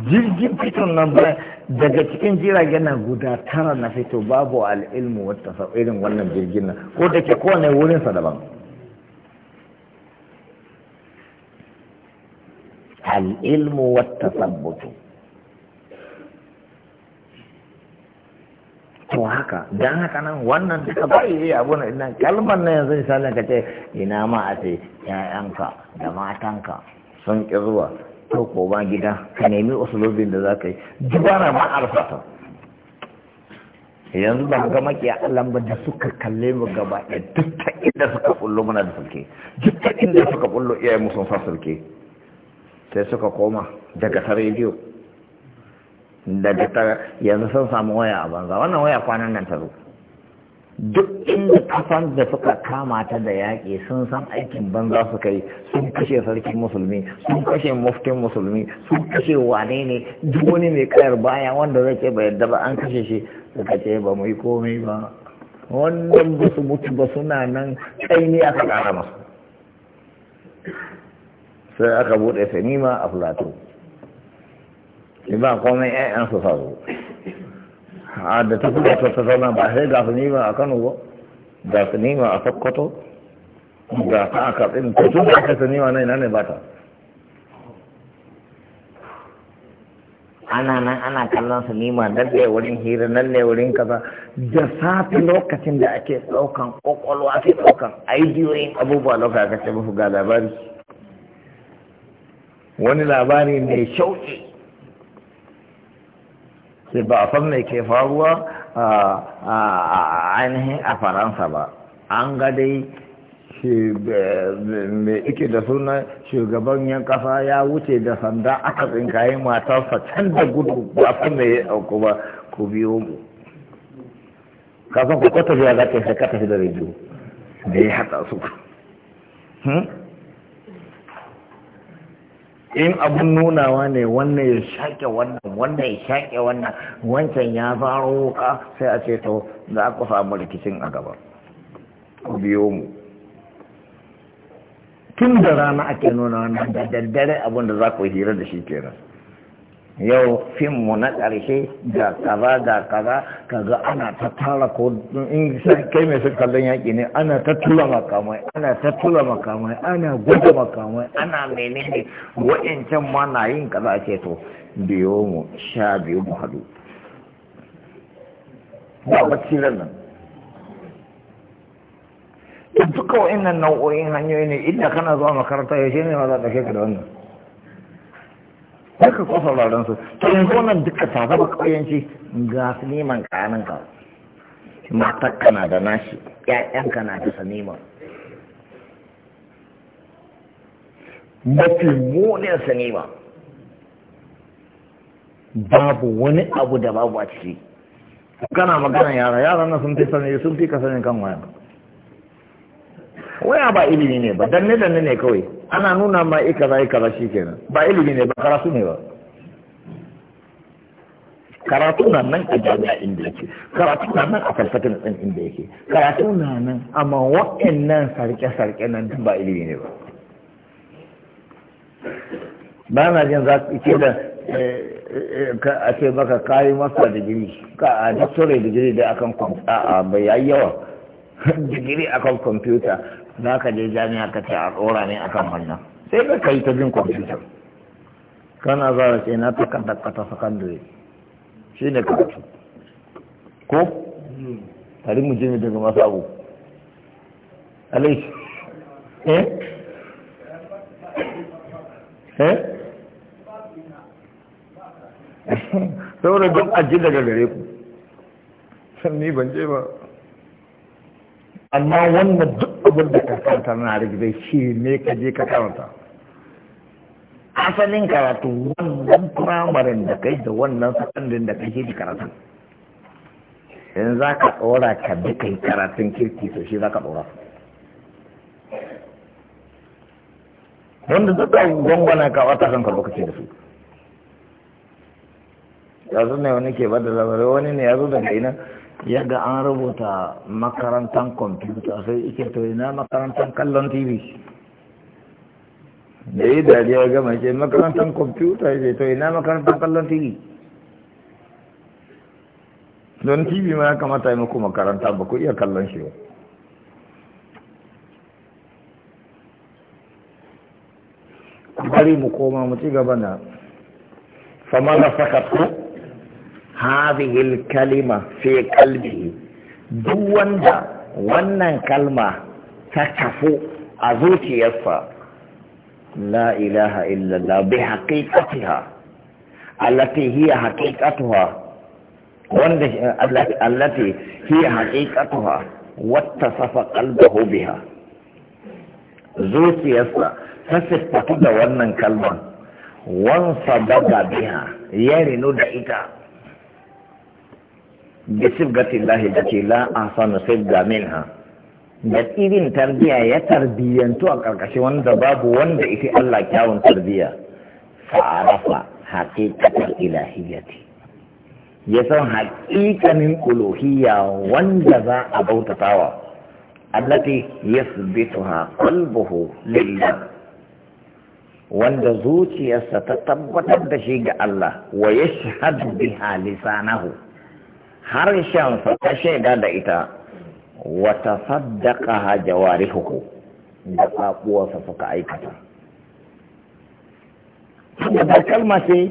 jirgin fito nan ba daga cikin jiragen nan guda tara na fito babu al'ilmu wata irin wannan jirgin nan ko da ke kowane wurinsa daban al'ilmu wata sabbutu to haka dan haka nan wannan duka ba yi abu na ina kalmar na yanzu misali ka ce ina ma a ce ƴaƴanka da matanka sun ƙi zuwa to ko ba gida ka nemi usulobin da za ka yi dubara ma arfata yanzu ba ga makiya Allah ba da suka kalle mu gaba ɗaya duk ta inda suka bullo muna da sulke duk ta inda suka bullo iyayen mu sun sa sulke sai suka koma daga tare biyu da ta yanzu sun samu waya a banza wannan waya kwanan nan ta zo duk inda kasan da suka kama ta da yaƙi sun san aikin banza su kai sun kashe sarkin musulmi sun kashe muftin musulmi sun kashe wane ne duk wani mai kayar baya wanda zai ce bai yadda ba an kashe shi suka ce ba mu yi komai ba wannan ba su mutu ba suna nan tsaini aka ƙara masu sai aka buɗe sinima a plateau shi ba komai ƴaƴan su faru a da ta kuma ta zauna ba sai ga su nima a Kano ba ga su nima a Sokoto ga ta a Katsina to tun da aka su nima nan ne ba ta ana nan ana kallon su nima nan ne wurin hira nan ne wurin kaza da safi lokacin da ake ɗaukan ƙwaƙwalwa ake ɗaukan aidiyoyin abubuwa lokacin aka ce musu ga labari wani labari mai shauƙi sai ba a san mai ke faruwa a ainihin a faransa ba an ga dai mai ike da suna shugaban yan kasa ya wuce da sanda aka tsinkaye matarsa can da gudu ba su mai ya auku ba ku biyo mu kasan ku kwata biya za ka yi ka tafi da rediyo da ya haɗa su hmm? in abun nunawa ne wannan ya shaƙe wannan wannan ya shaƙe wannan wancan ya faro wuka sai a ce to za ku samu rikicin a gaba ku biyo mu tun da rana ake nuna wannan da daddare abun da za ku hira da shi kenan yau fim mu na ƙarshe ga kaza ga kaza kaga ana ta tara ko in kai mai sun kallon yaƙi ne ana ta tura makamai ana ta tura makamai ana gudu makamai ana menene wa'ancan ma na yin kaza ce to biyo mu sha biyu mu haɗu ba bacci ran nan duka nan nau'o'in hanyoyi ne inda kana zuwa makaranta yaushe ne ma za ka da wannan sai ka ko yanzu wannan duka ta zama ƙauyanci ga su neman ƙanan ka matar kana da nashi ƴaƴan kana da su neman mafi munin su neman babu wani abu da babu a ciki kana magana yara yaran na sun fi sani sun fi ka sanin kan waya waya ba ilimi ne ba danne danne ne kawai ana nuna ma ikaza shi kenan ba ilimi ne ba karatu ne ba karatu na nan a jami'a inda yake karatu na nan a falsatin ɗin inda yake karatu na nan amma wa'annan sarke-sarke nan ba ilimi ne ba ba na jin za ke da eh, eh, a ce maka kayi masa digiri ka a doctorate digiri da akan kwamfuta a bai yayi yawa [LAUGHS] digiri akan kwamfuta za ka je jami'a ka ce a tsora ne kan wannan sai ka kai ta jin kwamfuta kana za a ce na ta kan dakata sakandare shi ne ka ko Tari mu je daga masu abu alai eh eh [LAUGHS] saboda don ajiye daga gare ku san ni ban je ba amma wannan duk abin da ka karanta na rigizai shi ne ka je ka karanta asalin karatu wannan firamarin da kai da wannan sakandin da kake ji karatu in za ka ɗora ka bi kai karatun kirki to shi za ka ɗora wanda duka gwangwana ka wata kanka lokaci da su yanzu ne wani ke bada labarai wani ne ya zo daga ina ya ga an rubuta makarantar kwamfuta sai ike to ina makarantar kallon tv da yi dariya gama ce makarantar kwamfuta ya to na makarantar kallon tv don tv ma ya kamata yi muku makaranta ba ku iya kallon shi ba bari mu koma mu ci gaba na fama da sakat hazihil kalima fi kalbi duk wanda wannan kalma ta kafu a zuciyarsa la ilaha illallah bi haqiqatiha allati hiya haqiqatuha wanda allati hiya haqiqatuha wattasafa qalbuhu biha zuciyarsa ta siffatu da wannan kalman wansa baga biha ya rinu da ita da shirgatin lahi da ce a sanu shirga da irin tarbiya ya tarbiyantu a ƙarƙashin wanda babu wanda ita Allah kyawun tarbiya fa'arafa haƙiƙatar ilahiyyati ya san haƙiƙanin uluhiyya wanda za a bautatawa allati yasbituha qalbuhu lillah wanda zuciyarsa ta tabbatar da shi ga Allah wa yashhadu biha lisanahu harshen ta shaida da ita wata saddaka ha huku da sa suka aikata da kalma ce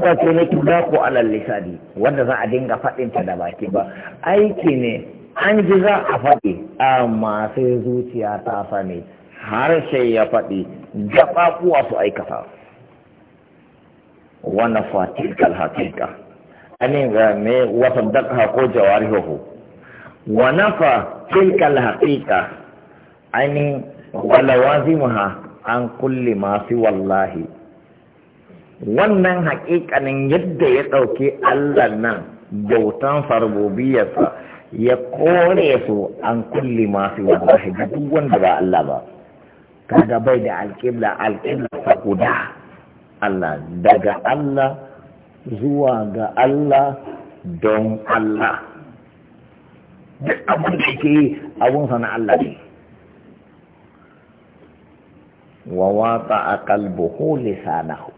ta ce na kida ko alal lisadi wanda za a dinga faɗinta da baki ba aiki ne an ji za a faɗi amma sai zuciya ta sani harshe ya faɗi da tsakuwa su aikata wannan fatikal hakika anin ga me wata dakha ko jawarihu wa nafa tilka alhaqiqa ani wa lawazimuha an kulle ma wallahi wannan hakikanin yadda ya ɗauki Allah nan bautan farbobiyarsa ya kore su an kulli masu wallahi ga duk wanda ba Allah ba kaga bai da alƙibla alƙibla ta guda Allah daga Allah zuwa ga Allah don Allah duk abin da ke yi sana Allah ne wa wata a kalbuhu lisanahu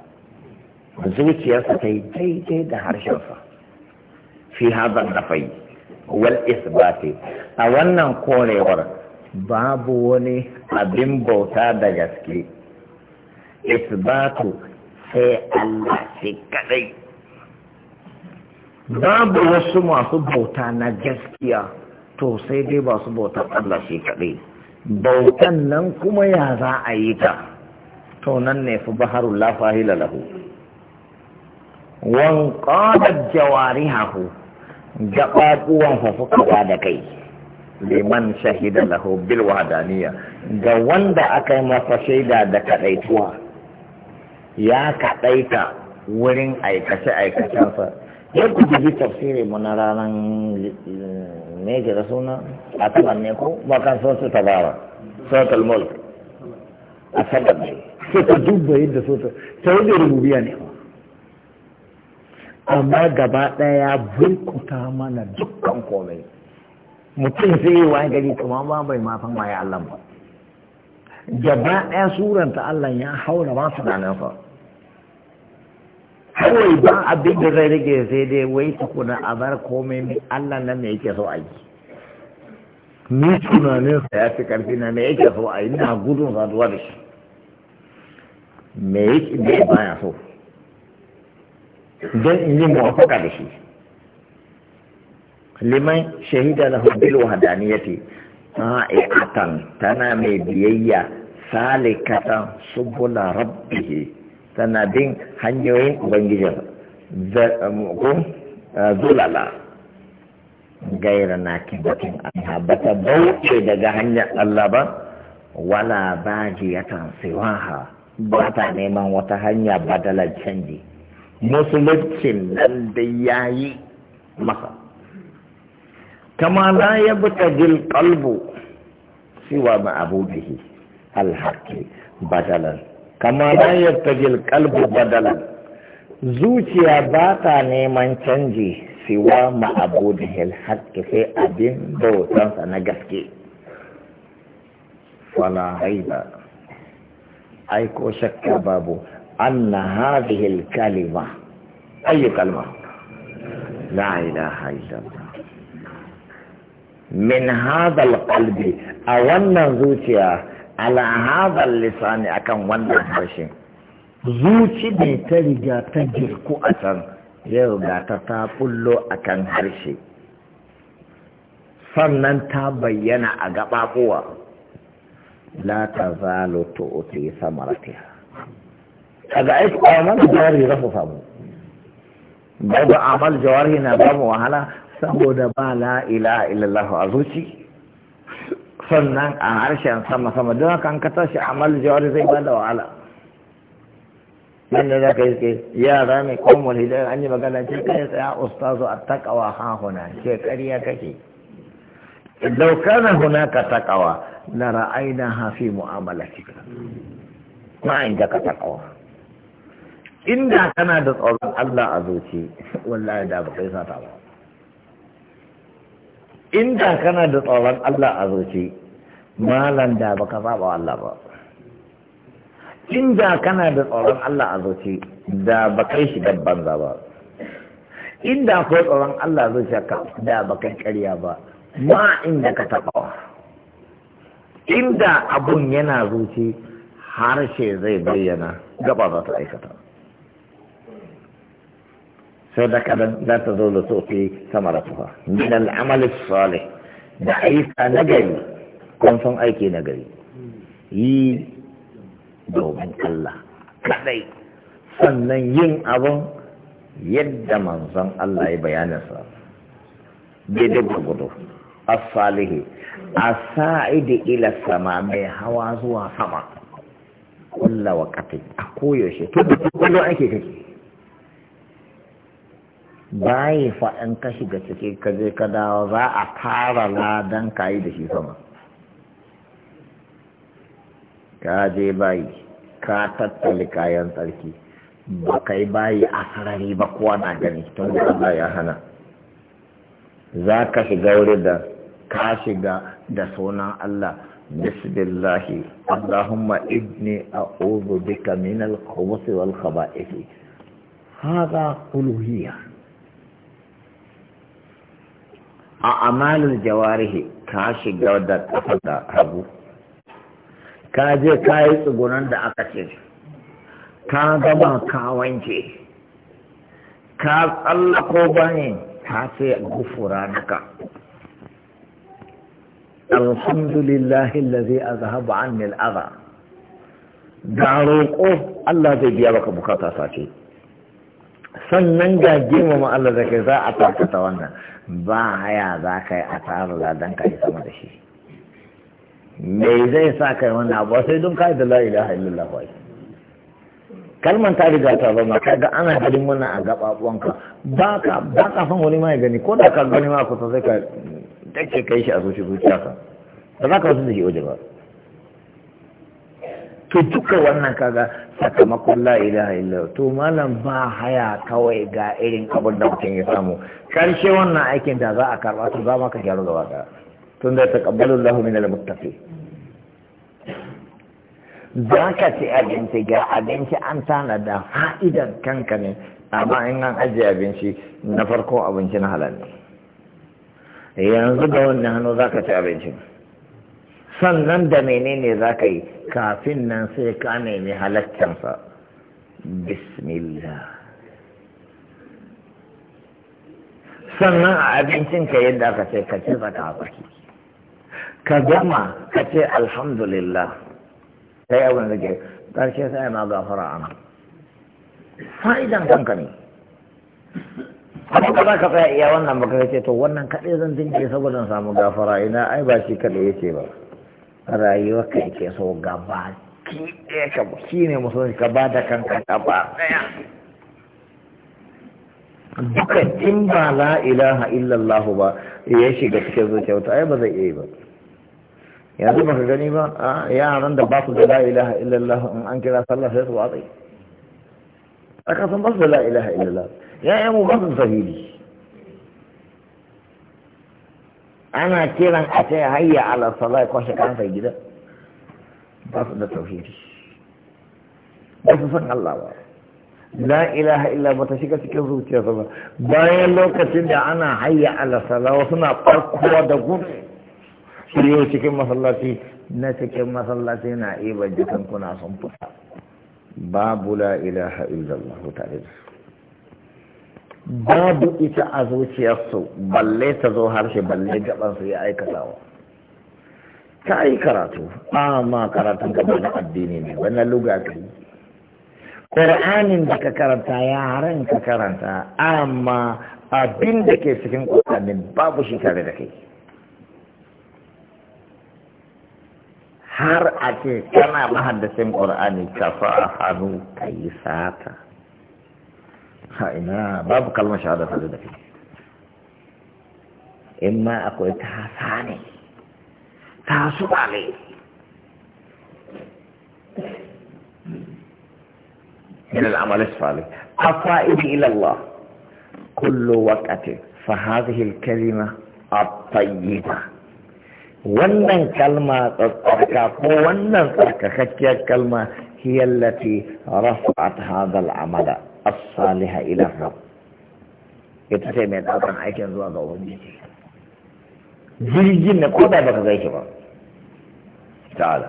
zuciyarsa ta yi daidai da harshensa fi hazan da fai wal isbati a wannan korewar babu wani abin bauta da gaske isbatu sai Allah ce kadai babu wasu masu bauta na gaskiya to sai dai ba su bauta Allah shi kaɗai bautan nan kuma ya za a yi ta to nan ne fi baharul la fahila lahu wan qadat jawarihahu gabaɗuwan fa suka da kai liman shahida lahu bil wahdaniya ga wanda aka yi masa shaida da kadaituwa ya kadaita wurin aikace aikacensa yadda guji tafsiri mu na ranar ne ke da suna a taban ne ko kan so su tabara sautal mulk a sabar ne sai ka dubba yadda so ta sai da rububiya ne amma gaba daya burkuta mana dukkan komai mutum sai yi wani gari kuma ba bai mafan waye Allah ba gaba daya suranta Allah ya haura masu fa. kawai don abin da zai rage sai dai wai tukuna a bar komai mai Allah nan ne yake so a yi ni tunanin sa ya fi karfi na me yake so a yi na gudun saduwa da shi mai yake ne baya so don in yi mawafaka da shi liman shahida lahu bil wahdaniyati sa'atan tana mai biyayya salikatan subula rabbihi tana bin hanyoyin ubangijin um, uh, zulala gaira na kibatin anha ba bauce daga hanyar Allah ba wala bajiyatan siwaha ba ta neman wata hanya badalar canji musuluncin nan da ya yi masa kama la ya buta jil kalbu siwa ma abu bihi alhaki badalar kama na yartajil kalbu badala zuciya ba ta neman canji siwa ma'abudin haƙƙi sai abin bautansa na gaske fala haiba ai ko shakka babu anna hadhihi al-kalima ayi kalma la ilaha illallah min haɗa al a wannan zuciya ala lisani akan wannan harshen zuci ne ta riga ta girku a can ya riga ta ta kullo akan harshe sannan ta bayyana a gaɓaɓuwa. la ta zalo to ote A ga aiki kwanan jari za su samu babu amal jawari na ba mu wahala saboda ba la ilaha illallah a zuci sannan a harshen sama-sama don haka an ka tashi amal jawari zai bada wahala yadda za ka yi ke yara ne ko mulhidai an yi magana ce kai tsaya ustazu a takawa ha huna ce ƙarya kake idan na huna ka takawa na ra'ayina hafi mu'amala cika ma'ayin ka takawa inda kana da tsoron Allah a zuci wallahi da ba kai sata ba In da kana da tsoron Allah a zuci malam da baka saba Allah ba In da kana da tsoron Allah a zuci da ba kai shi dabban za ba da ko tsoron Allah ka da ba kai ƙarya ba ma inda ka taɓa da abun yana zuci harshe zai bayyana gaba za ta aikata da صدق لا تزول تؤتي ثمرتها من العمل الصالح da aika nagari kun san aiki nagari yi domin Allah kadai sannan yin abin yadda manzon Allah ya bai daidai gudu as-salihi as-sa'idi ila sama mai hawa zuwa sama kulla waqati a koyaushe to kullum ake kake bayi fa in ka shiga ciki ka je ka dawo za a fara ladan ka da shi sama ka je bayi ka tattali kayan tsarki ba ka yi bayi a sarari ba kowa na gani tun da Allah ya hana za ka shiga wuri da ka shiga da sunan Allah bismillahi Allahumma ibni a'udhu bika min al-khubuthi wal khaba'ith haza uluhiyya a amalin jawarihi ka shiga da kafa da hagu ka je ka yi tsugunan da aka ce ka gama ka wanke ka tsallako bayan ta ce gufura naka alhamdulillahi lazi a zahaba an nil'aza da roƙo Allah zai biya baka bukata sace. sannan ga girmama Allah da kai za a takata wannan ba haya za ka yi a tsarin ladan ka yi sama da shi me zai sa kai wannan abu sai don kai da la ilaha illallah wai kalman ta riga ta zama ka ga ana ganin wannan a gababuwanka ba ka ba ka san wani ma ya gani ko da ka gani ma kusa sai ka dace kai shi a zuci zuciya ka ba za ka wasu da shi waje ba to duka wannan kaga sakamakon la ilaha illallah to malam ba haya kawai ga irin abin da mutum ya samu karshe wannan aikin da za a karba to za ma ka gyaru gaba ɗaya tun da taqabbalu Allahu min muttaqi za ka ci abinci ga abinci an tana da ha'idar kanka ne amma in an ajiye abinci na farko abinci na halal yanzu da wannan hannu za ka ci abincin sannan da menene za ka yi kafin nan sai ka nemi halaccansa bismillah sannan a abincinka yadda aka ce ka ce zaka baki ka gama ka ce alhamdulillah sai abin da ke ƙarshe sai ma gafara ana fa'idan kanka ne amma ka za ka tsaya iya wannan baka ce to wannan kaɗai zan dinke saboda samu gafara ina ai ba shi kaɗai yake ba rayuwarka yake so gaba ki ɗaya ka shi ne musulunci ka ba da kanka gaba ɗaya duka in ba la ilaha illallahu ba ya shiga cikin zuciya wata ai ba zai iya yi ba yanzu ka gani ba a yaran da ba su da la ilaha illallahu in an kira sallah sai su watsai a kasan ba su da la ilaha ya yi mu ba su sahili ana kiran a ce hayya ala sala ya kwashe kansa gida ba su da tauhidi ba su san Allah ba la ilaha illa ba ta shiga cikin zuciyarsa ba bayan lokacin da ana hayya ala sala suna farkowa da gudu su yi cikin masallaci na cikin masallaci na iya jikin kuna sun fita babu la ilaha illallah tare da su babu ita a zuciyarsu balle ta zo harshe balle gabansu ya aikatawa ta yi karatu ma karatun gaba na addini ne wani luga ka yi ƙur'anin da ka karanta yaran ka karanta amma abin da ke cikin ƙur'anin babu shi tare da kai har a ce kana mahaddacin ƙur'ani ka fa a hannu ka yi sata فإن باب كلمة شهادة هذا فيه إما أكو إتحاساني تحاسو بالي إلى العمل الصالح أفائد إلى الله كل وقت فهذه الكلمة الطيبة ونن كلمة tsarka ونن wannan tsarka kakkiyar هي التي رفعت هذا العمل as-saliha ila rabb ita ce mai daukan aikin zuwa ga ubangiji jirgin ne ko ka gaishe ba ta'ala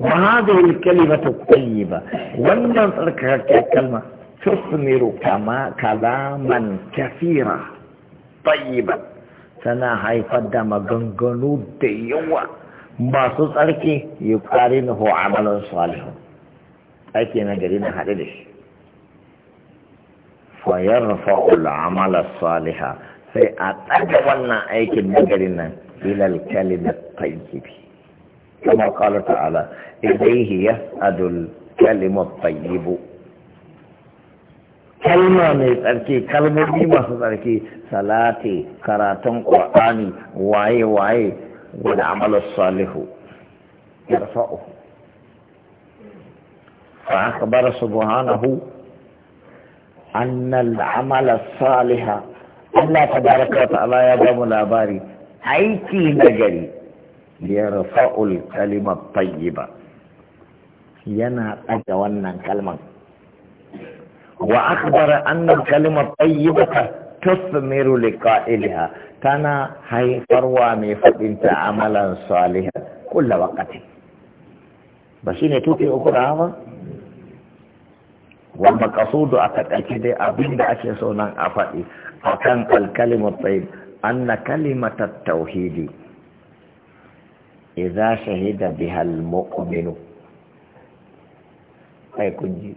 wa hadhihi al-kalimatu tayyiba wannan tsarkakakken kalma tusmiru kama kalaman kafira tayyiban tana haifar da maganganu da yawa masu tsarki ya ƙari na ho amalin salihu aiki na gari na haɗe da shi فيرفع العمل الصالح في أتجولنا أيك المجرين إلى الكلمة الطيبة كما قال تعالى إليه يفقد الكلمة الطيبة كلمة نتركي كلمة دي ما تركي صلاتي قراتم قرآني واي واي والعمل الصالح يرفعه فأخبر سبحانه أن العمل الصالح الله تبارك وتعالى يضم الأباري أيتي نجري ليرفع الكلمة الطيبة ينا أجوانا كلمة وأخبر أن الكلمة الطيبة تثمر لقائلها تنا هاي فروا مي فإنت عملا صالحا كل وقت بس هنا توتي أخرى wal maqsudu a takaice dai abinda ake so nan a faɗi kan al kalimat tayyib anna kalimat at idza shahida biha al ai kunji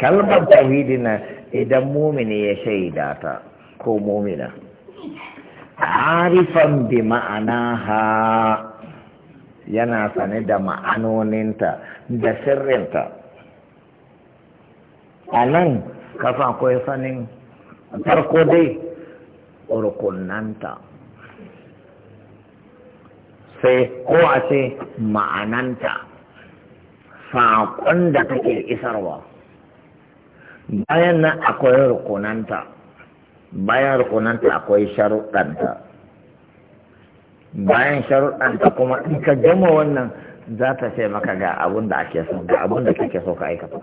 kalmar tauhidi na idan mumini ya shaida ta ko mumina arifan bi ma'anaha yana sane da ma'anoninta da sirrinta a nan kafin akwai sanin farko dai rukunanta sai ko a ce ma'ananta saƙon da take isarwa bayan nan akwai rukunanta bayan rukunanta akwai sharuɗanta bayan sharuɗanta kuma in ka gama wannan za ta ce maka ga abun da ake so ga abun da kake so ka aikata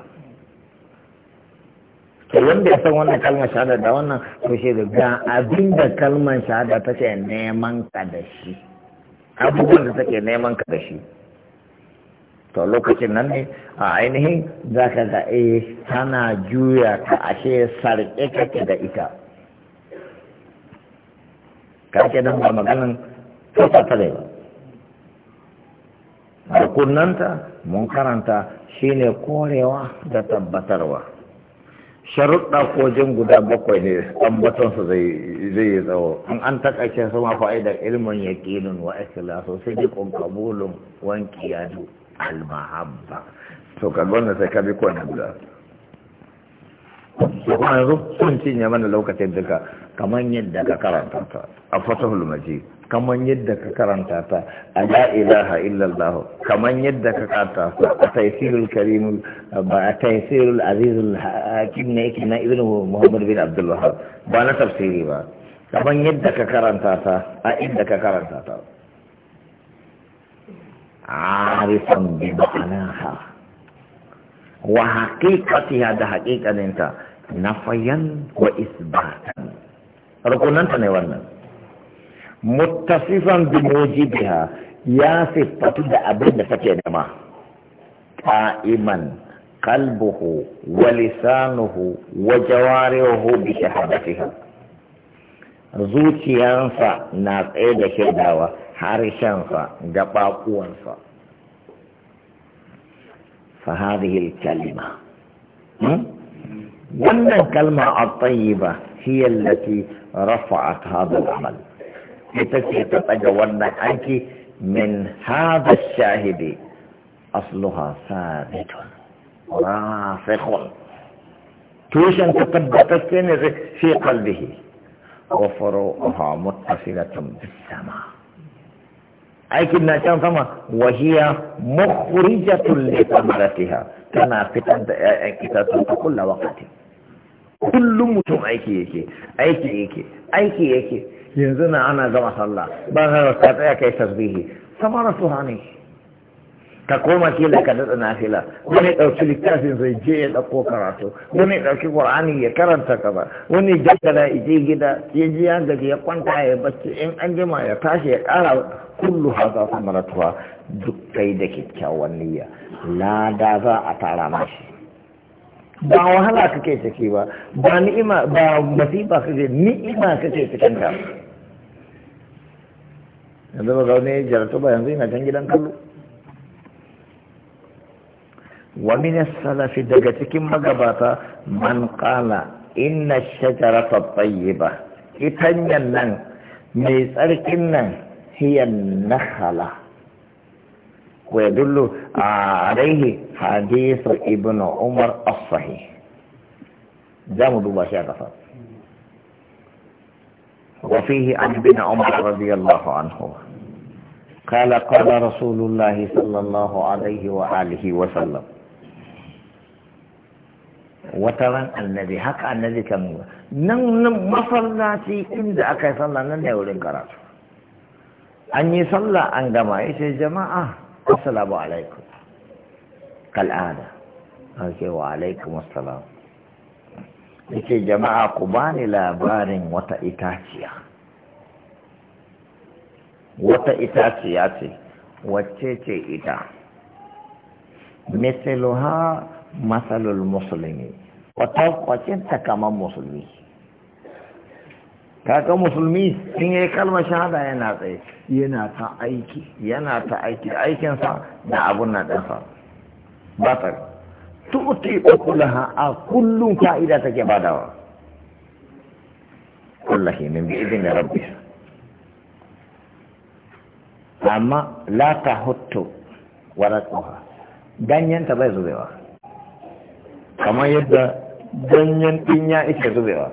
to wanda ya san wannan kalmar shahada da wannan to shi ga abin da kalmar shahada ta ce neman ka da shi abubuwan da take neman ka da shi to lokacin nan ne a ainihin za ka ga eh tana juya ka ashe sarƙe kake da ita ka ce nan ba maganin fasa ta da rukunanta mun karanta shine korewa da tabbatarwa sharuɗa ko jin guda bakwai ne ambatonsa zai yi tsawo in an takaice su ma fa'idar ilmin yaƙinin wa ikhlasu sai dai kun kabulun wanki ya du almahabba to ka gwamna sai ka bi ko na guda to kuma yanzu sun cinye mana lokacin duka kamar yadda ka karanta ta a fatahul majid kamar yadda ka karanta ta ala ilaha illallah kamar yadda ka karanta ta a taisirul karim ba a taisirul azizul hakim ne yake na ibnu muhammad bin abdul wahab ba na tafsiri ba kamar yadda ka karanta ta a inda ka karanta ta arifan bi ma'anaha wa haqiqatiha da haqiqaninta nafayan wa isbatan rukunanta ne wannan متصفا بموجبها يصف فتد أبدا فتي نما قائما قلبه ولسانه وجوارحه بشهادتها زوتي أنفا ناس إيدا شداوة حارش أنفا قباقو أنفا فهذه الكلمة وأن الكلمة الطيبة هي التي رفعت هذا العمل تتكي تتجوّن عنك من هذا الشاهد أصلها ثابت راسخ توشن تقدّت السنر في قلبه وفروعها متصلة بالسماء أي كنا كان فما وهي مخرجة لثمرتها كما كتبت كل وقت كل متم أيكي أيكي أيكي أيكي أيكي yanzu na ana gama sallah ba na da ka tsaya kai tasbihi rasu tuhani ka koma kila ka daɗa nafila wani ɗauki littafin zai je ya ɗauko karatu wani ɗauki ƙur'ani ya karanta kaza wani jaddada ije gida ya ji ya gaji ya kwanta ya bacci in an jima ya tashi ya ƙara kullu haza samaratuwa duk kai da kyakkyawan niyya lada za a tara mashi ba wahala kake ciki ba ba ni'ima ba masifa kake ni'ima kake cikin ka yanzu ba zaune jaratu ba yanzu ina can gidan kallo wa min salafi daga cikin magabata man qala inna shajarata tayyiba itanyan nan mai tsarkin nan hiya nakhala ويدل عليه حديث ابن عمر الصحيح زام دوبا شاكفا وفيه عن ابن عمر رضي الله عنه قال قال رسول الله صلى الله عليه وآله وسلم wataran annabi haka annabi kan nan nan masallaci inda aka yi sallah nan ne wurin karatu an yi sallah an gama jama'a assalamu alaikum kal'ada ake wa alaikum assalam yake jama'a ku bani labarin wata itaciya wata itaciya ce wacce ce ita misaluha masalul musulmi wata kwacinta kamar musulmi kaga musulmi in yayi kalmar shahada yana tsaye yana ta aiki yana ta aiki aikinsa da abun na ɗansa ba ta tu'ti laha a kullum ka'ida take badawa kullahi min bi idin rabbi amma la hutu waraqaha ganyenta bai zubewa kamar yadda ganyen dinya yake zubewa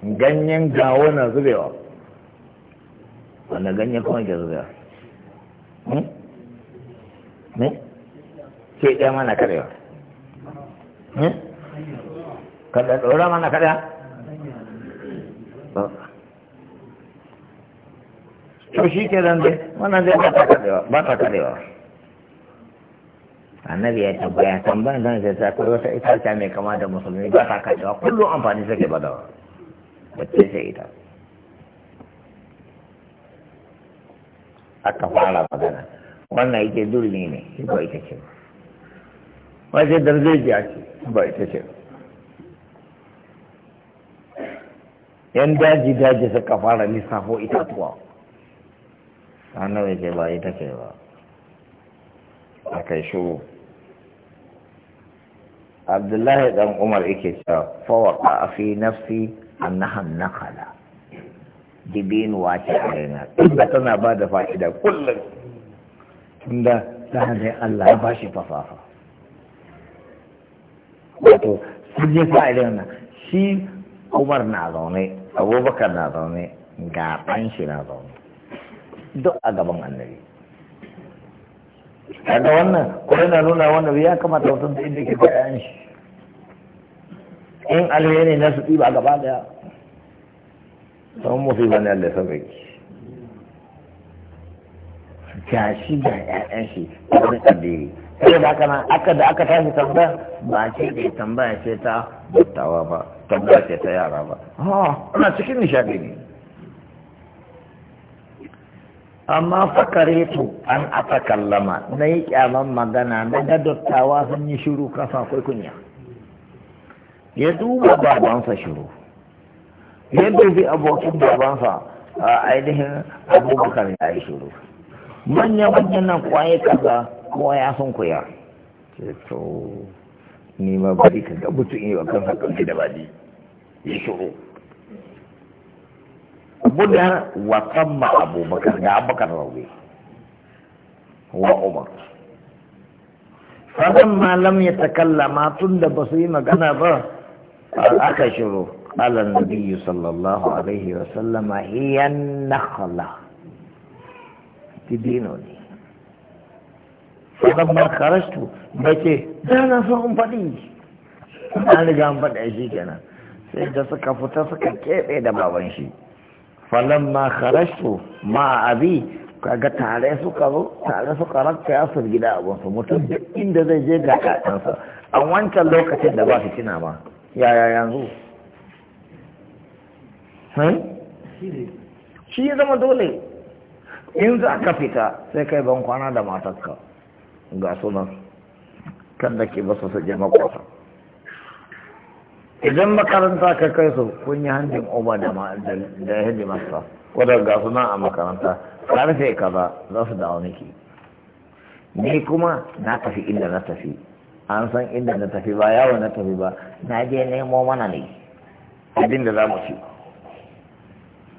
ganyen gawo na zubewa wanda ganyen kuma ke zubewa ne hmm? hmm? ke ɗaya mana karewa hmm? kada ɗora mana karewa oh. to shi ke nan dai wannan dai ba ta karewa annabi ya tambaya tambayar zan zai ta kuro ta ita ta mai kama da musulmi ba ta karewa kullum amfani suke badawa wacce ce ita aka fara magana wannan yake durni ne ba ita ce wace dargajiya ce ba ita ce yan daji daji suka fara lissafo itatuwa ranar ce ba ita ce ba a kai shuru abdullahi dan umar yake cewa fawaka fi nafsi annaha nakala dibin wace a alaina inda tana ba da fa'ida kullum tunda ta hanyar Allah ya bashi fafafa wato sun je fa'ilin nan shi Umar na zaune Abubakar na zaune ga ɗan shi na zaune duk a gaban annabi kaga wannan ko yana nuna wannan ya kamata mutum da inda ke da shi in ne na su ɗiba gaba daya sun mafi bane sun sabaki ga shi ga ƴaƴan shi wani addini sai da haka nan aka da aka tashi tambaya ba ce da eh, tambaya ce ta dattawa ba tambaya ce ta yara ba ana cikin nishaɗi ne amma fakare tu an aka kallama na yi kyaman magana na da dattawa sun yi shiru kafa akwai kunya ya duba babansa shiru ya dubi abokin babansa a ainihin abubakar ya yi shiru manya-manyan nan kwaye kaza ko ya sun kuya to ni ma bari ka ga mutum yi wa kan hakan da bani ya shiru guda wa ma abubakar ga abubakar raube wa umar fadan malam ya ma tun da ba su yi magana ba aka shiru ala nabiyu sallallahu alaihi wa sallama hiya nakhla dibino ne sadan ma karastu bace da na so in faɗi an riga an faɗa shi kenan sai da suka fita suka keɓe da baban shi falon ma kharashtu ma abi kaga tare suka zo tare suka rakka ya su gida abinsu mutum duk inda zai je ga kakansa a wancan lokacin da ba su tuna ba yaya yanzu hmm? shi ya zama dole in za ka fita sai kai ban kwana da matarka ga sunan kan da ke basu su jama kwasa idan makaranta ka kai su kun yi hanjin oba da hindi masta wadda ga sunan a makaranta karfe kaza za su dawo miki ni kuma na tafi inda na tafi an san inda na tafi ba yawo na tafi ba na je nemo mana ne abin da za mu ci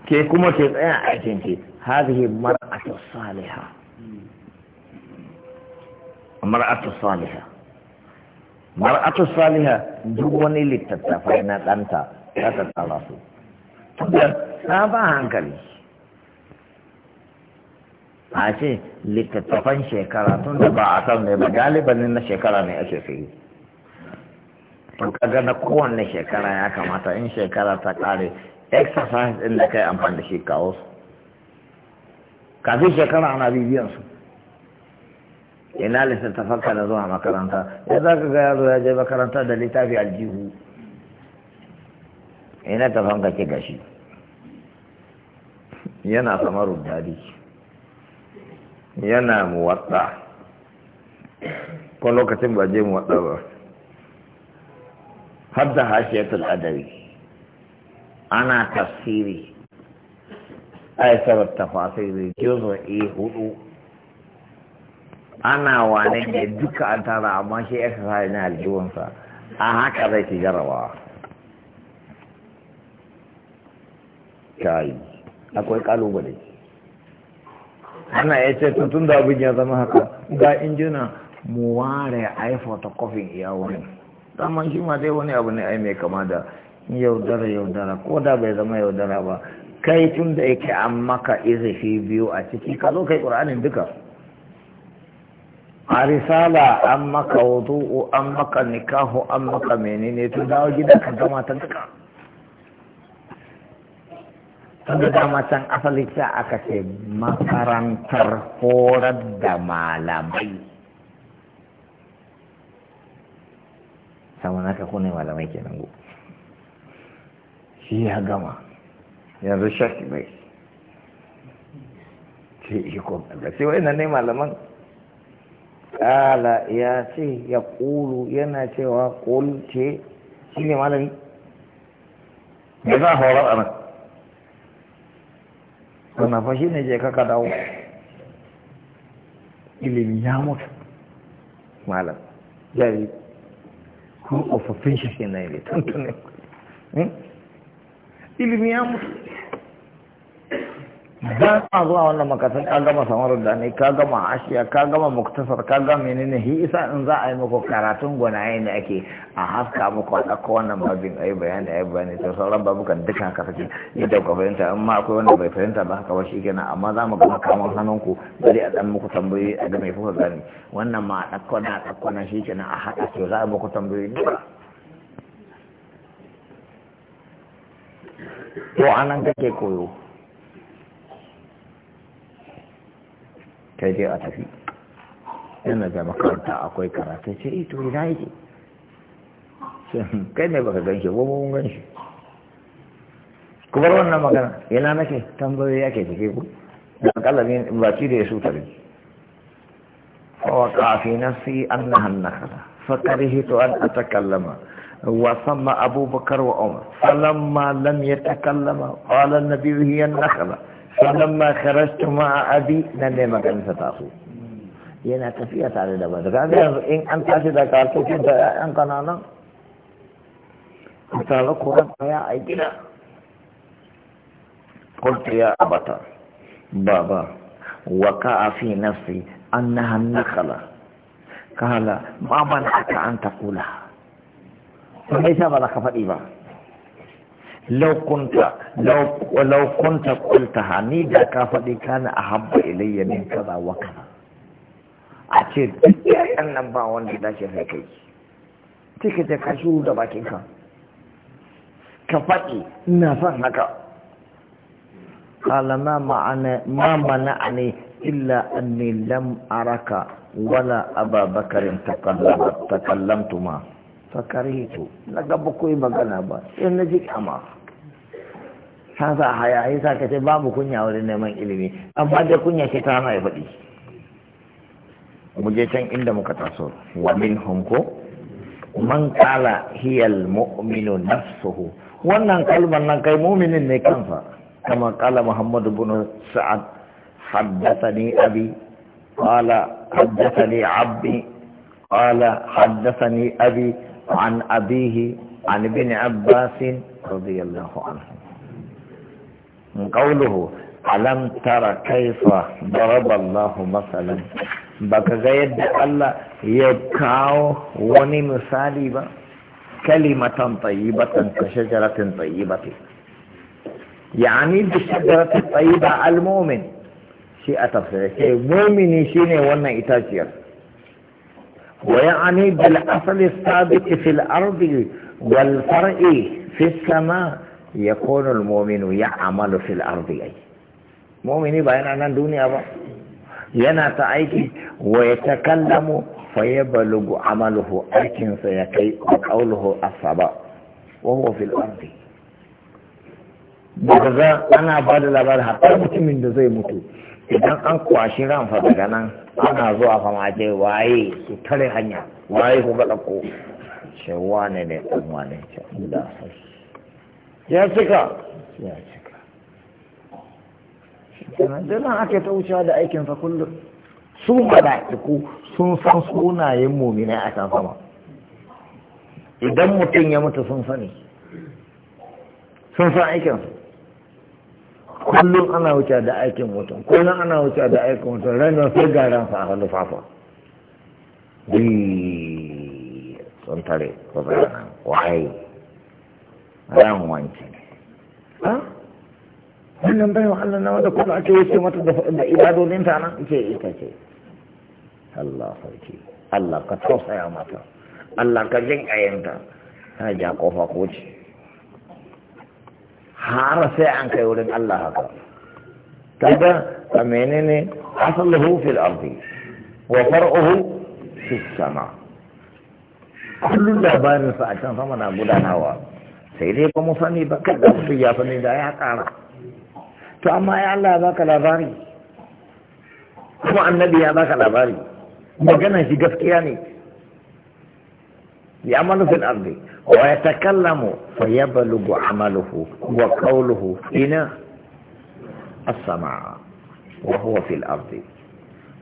ke kuma ke tsaya aikin ke hadhihi mar'atu salihah mar'atu salihah mar'atu salihah duk wani littattafai na ɗanta ya tattara su na ba hankali a ce littattafan shekara tun da ba a san ne ba galiban na shekara ne ake sayi to kaga na kowanne shekara ya kamata in shekara ta kare exercise din da kai amfani da shi kawo su kafin shekara ana bibiyan su ina littattafan ka na zuwa makaranta ya za ka ga yaro ya je makaranta da littafi aljihu ina tafanka ke gashi yana samarun dadi yana muwatta ko lokacin ba je muwatta ba hadda da hashiyatul adabi ana tafsiri aisarar tafasiri e hudu ana wane ne duka an tara amma shi ya kasa na aljihunsa, a haka zai ki jarawa. kayi akwai kalubale ana ya ce tun da abin ya zama haka ga injina mu ware a yi photocopy iya wani daman shi ma dai wani abu ne ai mai kama da yaudara yaudara ko da bai zama yaudara ba kai tun da yake an maka izafi biyu a ciki ka zo kai ƙur'anin duka a risala an maka wudu'u an maka nikahu an maka menene tun da gida ka gama ta duka tunda da masan asali aka ce makarantar horar da malamai saman aka kone malamai kenan go shi ya gama yanzu shafi mai ce iko sai wa'ina ne malaman kala ya ce ya kulu yana cewa kul ce shi ne malami me za a horar a nan wannan fa ne je ka ka dawo ilimi ya mutu malam jari ko tsofaffin shi ke nan ne tuntuni hmm? ilimi ya mutu dan a zuwa wannan makasan ka gama samar da ne ka gama ashiya ka gama muktasar ka gama menene hi isa in za a yi muku karatun gwanaye ne ake a haska muku a ɗauko wannan babin a yi bayani a yi bayani to sauran babukan duka haka suke yadda ku fahimta in ma akwai wanda bai fahimta ba haka ba shi kenan amma za mu gama kaman hannunku bari a ɗan muku tambayoyi a ga mai kuka gani wannan ma a ɗauko na a ɗauko na shi kenan a haɗa to za a muku tambayoyi duka to anan kake koyo Kai dai a tafi yana da makaranta akwai karatun ce ito eh, ina yake kai ne baka ganshi ko mun ganshi kuma wannan magana yana nake tambayoyi ke cike ku da kallon ne ba ci da ya su tare kafi na si an na hannu kada fakari hito an a takallama wasan ma abubakar wa umar falamma lam ya takallama kwallon na biyu hiyan na kada falamma kharajtu ma'a abi nan ne maganarsa ta so yana tafiya tare da wanda. kaga yanzu in an tashi da kartokin da ƴaƴan kananan tare kuran ya a gida kulta ya abata baba wa ka'a fi nafsi annaha nakala kala ma man haka an taqula sai sa ba za ka faɗi ba لو da ka faɗi كنت a habba دا كافدي كان احب الي من كذا وكذا اكيد ان نبا وندي دا شي kai. tike da ka shuru da bakinka ka faɗi ina son haka kalama ma mana a ne illa anni lam araka wala ababakarin takallamtuma fakarhitu na gaba koyi magana ba sai na ji kama ta sa haya ya sa ka ce babu kunya wurin neman ilimi amma da kunya ce ta hana ya faɗi mu je can inda muka taso wa min hunko man kala hiyal mu'minu nafsuhu wannan kalmar nan kai mu'minin ne kansa kama kala muhammadu bin sa'ad haddathani abi qala haddathani abi qala haddathani abi عن أبيه عن ابن عباس رضي الله عنه قوله ألم ترى كيف ضرب الله مثلا baka ga yadda Allah ya kawo wani misali ba kalimatan tayyibatan ka shajaratin tayyibati yani bi shajaratin tayyiba al-mu'min shi a mu'mini shine wannan itaciyar ويعني بالأصل الثابت في الأرض والفرع في السماء يكون المؤمن يعمل في الأرض أي مؤمن بين عن الدنيا بقى ينا تعيك ويتكلم فيبلغ عمله لكن سيكي قوله الصبا وهو في الأرض بغزا انا ba da labarin hatta mutumin da zai idan an kwashi fa daga nan ana zuwa fama je waye su tare hanya waye ku ga dako shi wane ne ɗan wane ce da ya cika ya cika dana ake ta wuce da aikin fa kullum su mala'iku sun san sunayen muminai a kan sama idan mutum ya mutu sun sani sun san aikinsu kullum ana wuce da aikin mutum kullum ana wuce da aikin mutum ranar sai ga ran a hannu fafa sun tare ko bayanan wahayi ran wanki ha wannan bai wahala na wanda kuma ake wuce mata da ibadodin ta nan ce ita ce Allah sarki Allah ka tausaya mata Allah ka jin ayanta ta ja kofa ko ce har sai an kai wurin Allah haka kaga a menene asaluhu fil ardi wa far'uhu fis sama kullun labarin sa a can sama na gudanawa sai dai ba mu sani ba kada mutum ya sani da ya kara to amma ya Allah ka labari kuma annabi ya ka labari magana shi gaskiya ne يعمل في الأرض ويتكلم فيبلغ عمله وقوله إلى السماء وهو في الأرض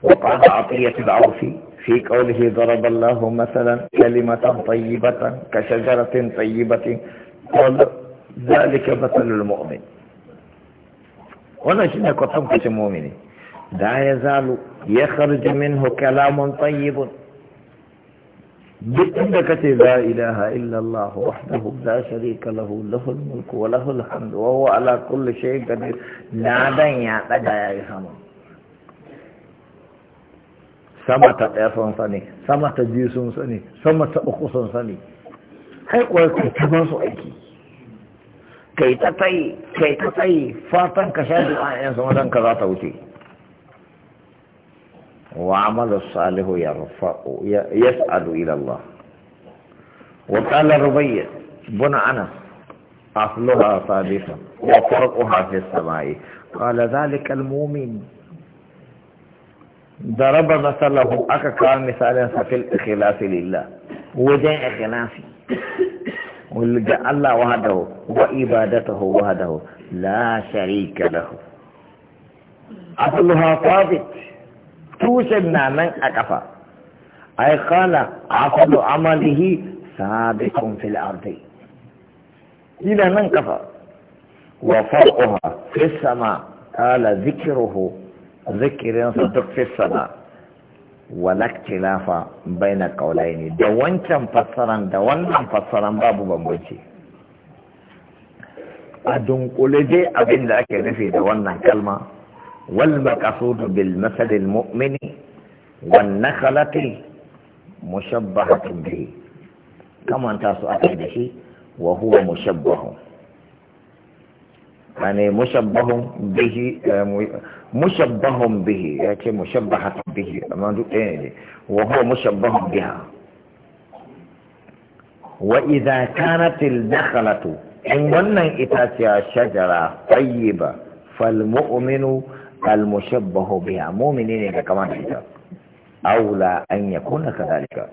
وقال عطية العوفي في قوله ضرب الله مثلا كلمة طيبة كشجرة طيبة قال ذلك مثل المؤمن wannan shine kwatankwacin mumini لا يزال يخرج منه كلام طيب duk inda ka ce la ilaha illallah wahdahu la sharika lahu lahul mulku wa lahul hamdu wa huwa ala kulli shay'in qadir ladan ya daga yayi sama sama ta ɗaya sun sani sama ta biyu sun sani sama ta uku sun sani kai kuwa kai ta ba su aiki kai ta tsayi kai ta tsayi fatan ka sha du'a yan sama dan ka za ta wuce وعمل الصالح يرفع يسأل إلى الله وقال ربيع بن أنس أصلها صادفة وفرقها في السماء قال ذلك المؤمن ضرب مثله أكا مثالا في الإخلاص لله وجاء إخلاصي ولقى الله وحده وعبادته وحده لا شريك له أصلها ثابت tushen na nan a ƙafa. ai kana aqdu amalihi sabiqun fil ardi ila nan kafa wa far'uha fi sama qala dhikruhu zikirin sa duk fi sama wala na baina qawlaini da wancan fassaran da wannan fassaran babu bambanci a dunkule dai abin da ake nufi da wannan kalma والمقصود بالمثل المؤمن والنخلة مشبهة به كما انت سؤال وهو مشبه يعني مشبه به مشبه به يعني مشبهة به إيه؟ وهو مشبه بها وإذا كانت النخلة إن ظن إتاتها شجرة طيبة فالمؤمن المشبه بها مؤمنين كمان شئت أولى أن يكون كذلك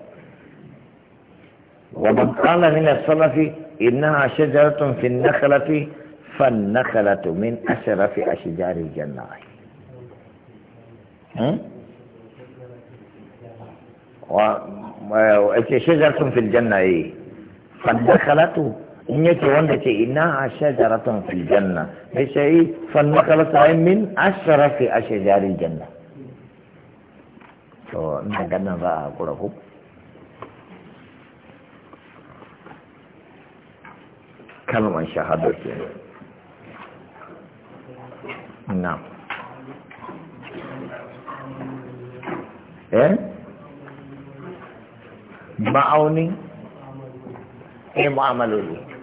ومن قال من السلف إنها شجرة في النخلة فالنخلة من أشرف أشجار الجنة و... شجرة في الجنة إيه فالنخلة in yake wanda ce ina a shajaratun fil janna ya ce yi fannakala sa'in min asharafi a shajarin janna to ina ganin za a hakura ku kalmar shahada ke na eh ma'auni eh mu'amaloli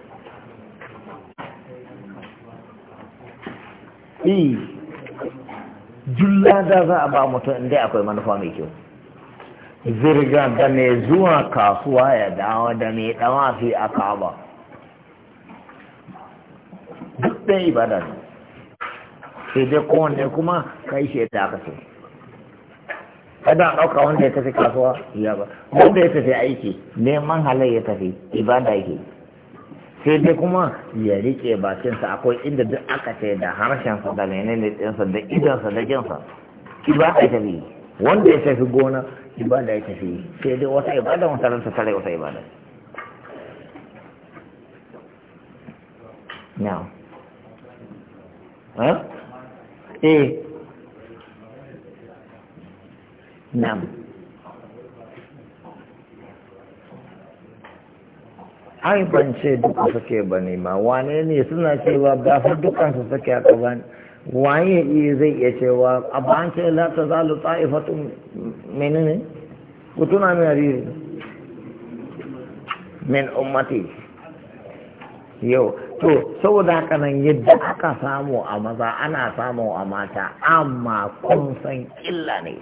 eh Jullada za a ba mutum inda akwai manufa mai kyau zirga da mai zuwa kasuwa ya dawo da mai dawafi a kaba duk ɗan ibada ne sai dai kowanne kuma kai shi ta aka ce kada ɗauka wanda ya tafi kasuwa ya ba wanda ya tafi aiki neman halar ya tafi ibada yake sai dai kuma ya rike bakinsa akwai inda duk aka ce da harshensa da menene ɗinsa da idansa da jinsa ba a tafi wanda ya tafi gona ibada ya tafi sai dai wata ibada wata ranta tare wata ibada na eh, eh. nam an bance duka suke ba ne ma wane ne suna cewa ba dukkan su suke haka ba waye iya zai iya cewa a ban ce la ta zalu ta'ifatun menene ku tuna min hariri min ummati yau to saboda haka nan yadda aka samu a maza ana samu a mata amma kun san illa ne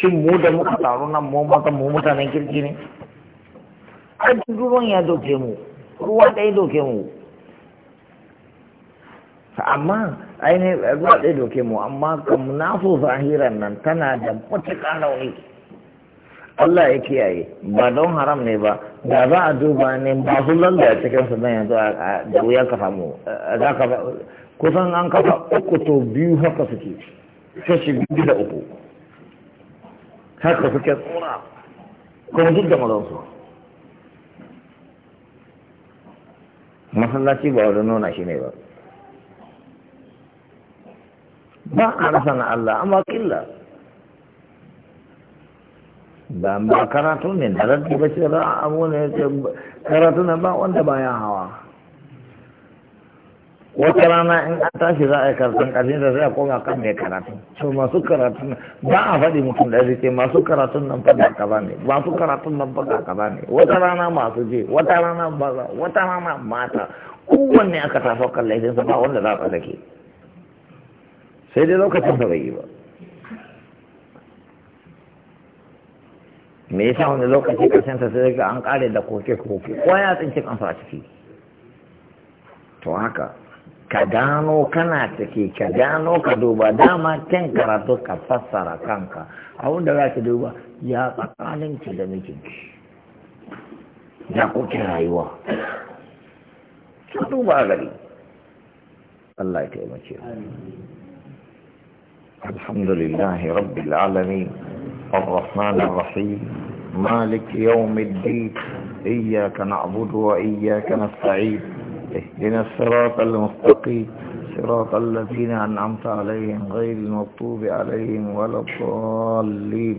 shin mu da muka taru nan mu maza mu mutanen kirki ne ai ruwan ya doke mu ruwa ɗaya doke mu amma ainihin ruwa ɗaya doke mu amma kam na so zahiran nan tana da matuƙar rauni Allah ya kiyaye ba don haram ne ba da za a duba ne ba su lalla a cikin su nan yanzu da wuya ka samu kusan an kafa uku to biyu haka suke shashi biyu da uku haka suke tsora kuma duk da mazansu masallaci ba wajen nuna shi ne ba ba a rasa na Allah amma killa ba ba karatu ne da rabbi ba ce ra'a abu ne karatu na ba wanda baya hawa wata rana in an tashi za a yi karatun ƙarfin da zai koma kan mai karatu so masu karatun ba a faɗi mutum da zai masu karatun nan ka kaza ne masu karatun nan ka kaza ne wata rana masu je wata rana baza wata rana mata kowanne aka taso kan sa ba wanda za a tsallake sai dai lokacin da bai yi ba me yasa wani lokaci ta sai ga an ƙare da koke-koke ko ya tsinci kansa a ciki to haka ka gano kana take ka gano ka duba dama kyan karatu ka fassara kanka a wanda za ka duba ya tsakanin ki da miki ya kuke rayuwa ka duba gari Allah ya taimake الحمد لله رب العالمين الرحمن الرحيم مالك يوم الدين إياك نعبد وإياك نستعين لنا الصراط المستقيم صراط الذين أنعمت عليهم غير المطوب عليهم ولا الضالين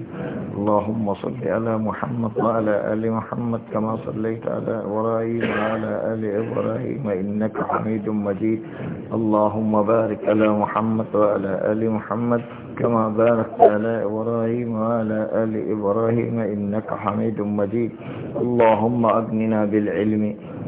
اللهم صل على محمد وعلى آل محمد كما صليت على إبراهيم وعلى آل إبراهيم إنك حميد مجيد اللهم بارك على محمد وعلى آل محمد كما باركت على إبراهيم وعلى آل إبراهيم إنك حميد مجيد اللهم أغننا بالعلم